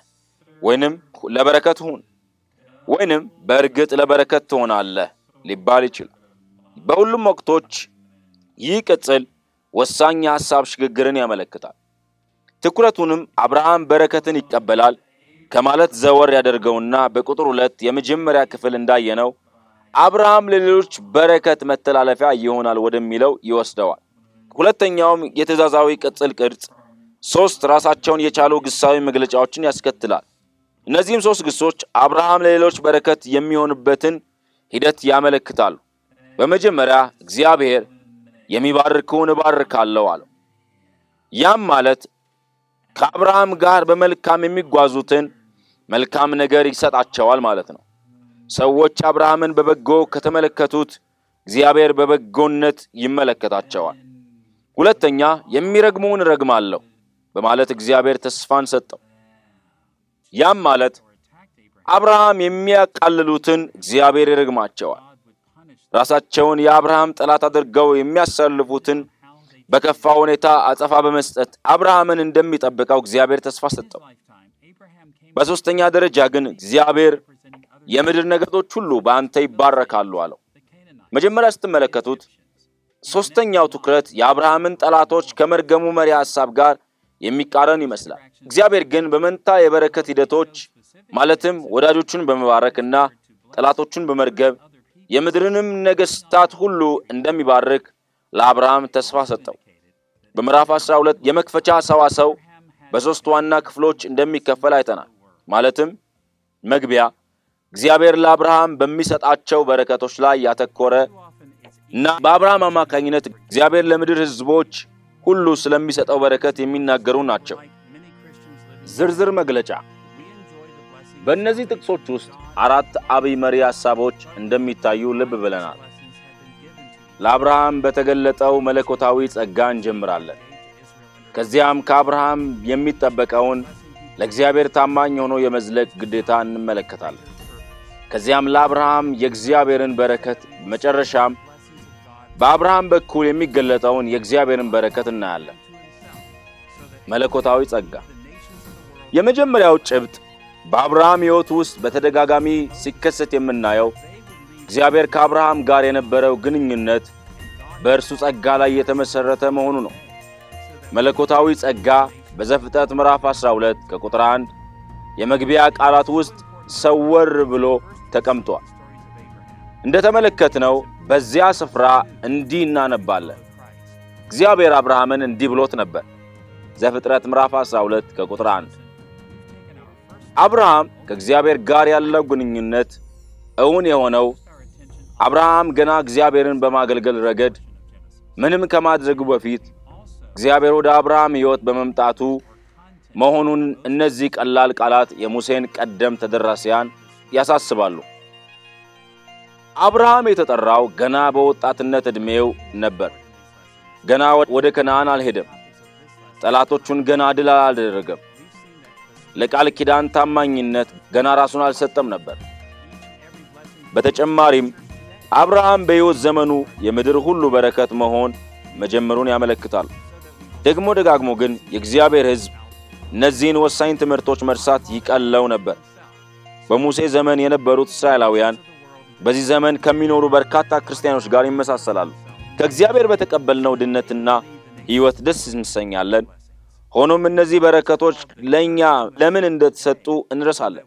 ወይንም ለበረከት ሁን ወይንም በእርግጥ ለበረከት ትሆናለህ ሊባል ይችላል። በሁሉም ወቅቶች ይህ ቅጽል ወሳኝ የሐሳብ ሽግግርን ያመለክታል። ትኩረቱንም አብርሃም በረከትን ይቀበላል ከማለት ዘወር ያደርገውና በቁጥር ሁለት የመጀመሪያ ክፍል እንዳየነው አብርሃም ለሌሎች በረከት መተላለፊያ ይሆናል ወደሚለው ይወስደዋል። ሁለተኛውም የትእዛዛዊ ቅጽል ቅርጽ ሶስት ራሳቸውን የቻሉ ግሳዊ መግለጫዎችን ያስከትላል። እነዚህም ሶስት ግሶች አብርሃም ለሌሎች በረከት የሚሆንበትን ሂደት ያመለክታሉ። በመጀመሪያ እግዚአብሔር የሚባርክውን እባርካለሁ አለው። ያም ማለት ከአብርሃም ጋር በመልካም የሚጓዙትን መልካም ነገር ይሰጣቸዋል ማለት ነው። ሰዎች አብርሃምን በበጎ ከተመለከቱት እግዚአብሔር በበጎነት ይመለከታቸዋል። ሁለተኛ የሚረግመውን እረግማለሁ በማለት እግዚአብሔር ተስፋን ሰጠው። ያም ማለት አብርሃም የሚያቃልሉትን እግዚአብሔር ይረግማቸዋል። ራሳቸውን የአብርሃም ጠላት አድርገው የሚያሳልፉትን በከፋ ሁኔታ አጸፋ በመስጠት አብርሃምን እንደሚጠብቀው እግዚአብሔር ተስፋ ሰጠው። በሦስተኛ ደረጃ ግን እግዚአብሔር የምድር ነገዶች ሁሉ በአንተ ይባረካሉ አለው። መጀመሪያ ስትመለከቱት ሦስተኛው ትኩረት የአብርሃምን ጠላቶች ከመርገሙ መሪ ሐሳብ ጋር የሚቃረን ይመስላል። እግዚአብሔር ግን በመንታ የበረከት ሂደቶች ማለትም ወዳጆቹን በመባረክና ጠላቶቹን በመርገብ የምድርንም ነገስታት ሁሉ እንደሚባርክ ለአብርሃም ተስፋ ሰጠው። በምዕራፍ 12 የመክፈቻ ሰዋሰው በሦስት ዋና ክፍሎች እንደሚከፈል አይተናል። ማለትም መግቢያ እግዚአብሔር ለአብርሃም በሚሰጣቸው በረከቶች ላይ ያተኮረ እና በአብርሃም አማካኝነት እግዚአብሔር ለምድር ሕዝቦች ሁሉ ስለሚሰጠው በረከት የሚናገሩ ናቸው። ዝርዝር መግለጫ በእነዚህ ጥቅሶች ውስጥ አራት አብይ መሪ ሐሳቦች እንደሚታዩ ልብ ብለናል። ለአብርሃም በተገለጠው መለኮታዊ ጸጋ እንጀምራለን። ከዚያም ከአብርሃም የሚጠበቀውን ለእግዚአብሔር ታማኝ ሆኖ የመዝለቅ ግዴታ እንመለከታለን። ከዚያም ለአብርሃም የእግዚአብሔርን በረከት መጨረሻም በአብርሃም በኩል የሚገለጠውን የእግዚአብሔርን በረከት እናያለን። መለኮታዊ ጸጋ። የመጀመሪያው ጭብጥ በአብርሃም ሕይወት ውስጥ በተደጋጋሚ ሲከሰት የምናየው እግዚአብሔር ከአብርሃም ጋር የነበረው ግንኙነት በእርሱ ጸጋ ላይ የተመሠረተ መሆኑ ነው። መለኮታዊ ጸጋ በዘፍጥረት ምዕራፍ 12 ከቁጥር 1 የመግቢያ ቃላት ውስጥ ሰወር ብሎ ተቀምጧል። እንደተመለከትነው በዚያ ስፍራ እንዲህ እናነባለን። እግዚአብሔር አብርሃምን እንዲህ ብሎት ነበር። ዘፍጥረት ምዕራፍ 12 ከቁጥር 1። አብርሃም ከእግዚአብሔር ጋር ያለው ግንኙነት እውን የሆነው አብርሃም ገና እግዚአብሔርን በማገልገል ረገድ ምንም ከማድረጉ በፊት እግዚአብሔር ወደ አብርሃም ሕይወት በመምጣቱ መሆኑን እነዚህ ቀላል ቃላት የሙሴን ቀደም ተደራሲያን ያሳስባሉ። አብርሃም የተጠራው ገና በወጣትነት ዕድሜው ነበር። ገና ወደ ከነዓን አልሄደም። ጠላቶቹን ገና ድል አላደረገም። ለቃል ኪዳን ታማኝነት ገና ራሱን አልሰጠም ነበር። በተጨማሪም አብርሃም በሕይወት ዘመኑ የምድር ሁሉ በረከት መሆን መጀመሩን ያመለክታል። ደግሞ ደጋግሞ ግን የእግዚአብሔር ሕዝብ እነዚህን ወሳኝ ትምህርቶች መርሳት ይቀለው ነበር። በሙሴ ዘመን የነበሩት እስራኤላውያን በዚህ ዘመን ከሚኖሩ በርካታ ክርስቲያኖች ጋር ይመሳሰላሉ። ከእግዚአብሔር በተቀበልነው ድነትና ሕይወት ደስ እንሰኛለን። ሆኖም እነዚህ በረከቶች ለእኛ ለምን እንደተሰጡ እንረሳለን።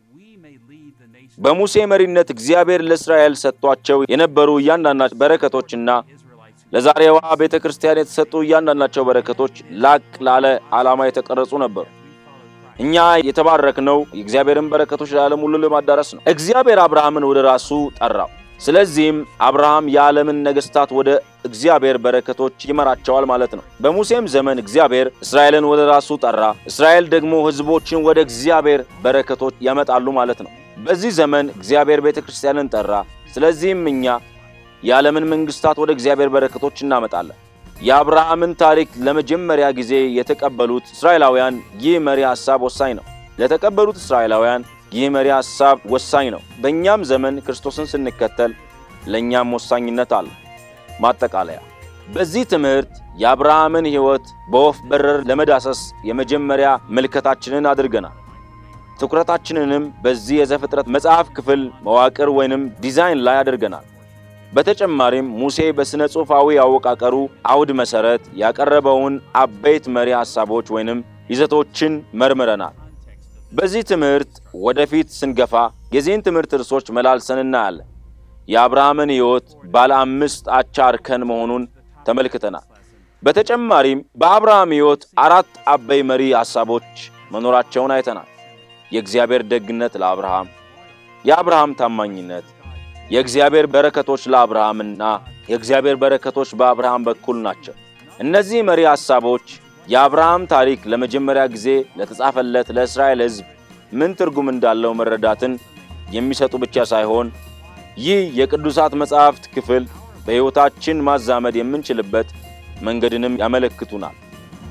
በሙሴ መሪነት እግዚአብሔር ለእስራኤል ሰጥቷቸው የነበሩ እያንዳንዳቸው በረከቶችና ለዛሬዋ ቤተ ክርስቲያን የተሰጡ እያንዳንዳቸው በረከቶች ላቅ ላለ ዓላማ የተቀረጹ ነበሩ። እኛ የተባረክነው የእግዚአብሔርን በረከቶች ለዓለም ሁሉ ለማዳረስ ነው። እግዚአብሔር አብርሃምን ወደ ራሱ ጠራው። ስለዚህም አብርሃም የዓለምን ነገሥታት ወደ እግዚአብሔር በረከቶች ይመራቸዋል ማለት ነው። በሙሴም ዘመን እግዚአብሔር እስራኤልን ወደ ራሱ ጠራ። እስራኤል ደግሞ ሕዝቦችን ወደ እግዚአብሔር በረከቶች ያመጣሉ ማለት ነው። በዚህ ዘመን እግዚአብሔር ቤተ ክርስቲያንን ጠራ። ስለዚህም እኛ የዓለምን መንግሥታት ወደ እግዚአብሔር በረከቶች እናመጣለን። የአብርሃምን ታሪክ ለመጀመሪያ ጊዜ የተቀበሉት እስራኤላውያን ይህ መሪ ሐሳብ ወሳኝ ነው። ለተቀበሉት እስራኤላውያን ይህ መሪ ሐሳብ ወሳኝ ነው። በእኛም ዘመን ክርስቶስን ስንከተል ለእኛም ወሳኝነት አለ። ማጠቃለያ፣ በዚህ ትምህርት የአብርሃምን ሕይወት በወፍ በረር ለመዳሰስ የመጀመሪያ ምልከታችንን አድርገናል። ትኩረታችንንም በዚህ የዘፍጥረት መጽሐፍ ክፍል መዋቅር ወይንም ዲዛይን ላይ አድርገናል። በተጨማሪም ሙሴ በሥነ ጽሑፋዊ አወቃቀሩ አውድ መሠረት ያቀረበውን አበይት መሪ ሐሳቦች ወይንም ይዘቶችን መርምረናል። በዚህ ትምህርት ወደፊት ስንገፋ የዚህን ትምህርት እርሶች መላልሰን እናያለን። የአብርሃምን ሕይወት ባለ አምስት አቻ እርከን መሆኑን ተመልክተናል። በተጨማሪም በአብርሃም ሕይወት አራት አበይ መሪ ሐሳቦች መኖራቸውን አይተናል። የእግዚአብሔር ደግነት ለአብርሃም፣ የአብርሃም ታማኝነት የእግዚአብሔር በረከቶች ለአብርሃምና የእግዚአብሔር በረከቶች በአብርሃም በኩል ናቸው። እነዚህ መሪ ሐሳቦች የአብርሃም ታሪክ ለመጀመሪያ ጊዜ ለተጻፈለት ለእስራኤል ሕዝብ ምን ትርጉም እንዳለው መረዳትን የሚሰጡ ብቻ ሳይሆን ይህ የቅዱሳት መጻሕፍት ክፍል በሕይወታችን ማዛመድ የምንችልበት መንገድንም ያመለክቱናል።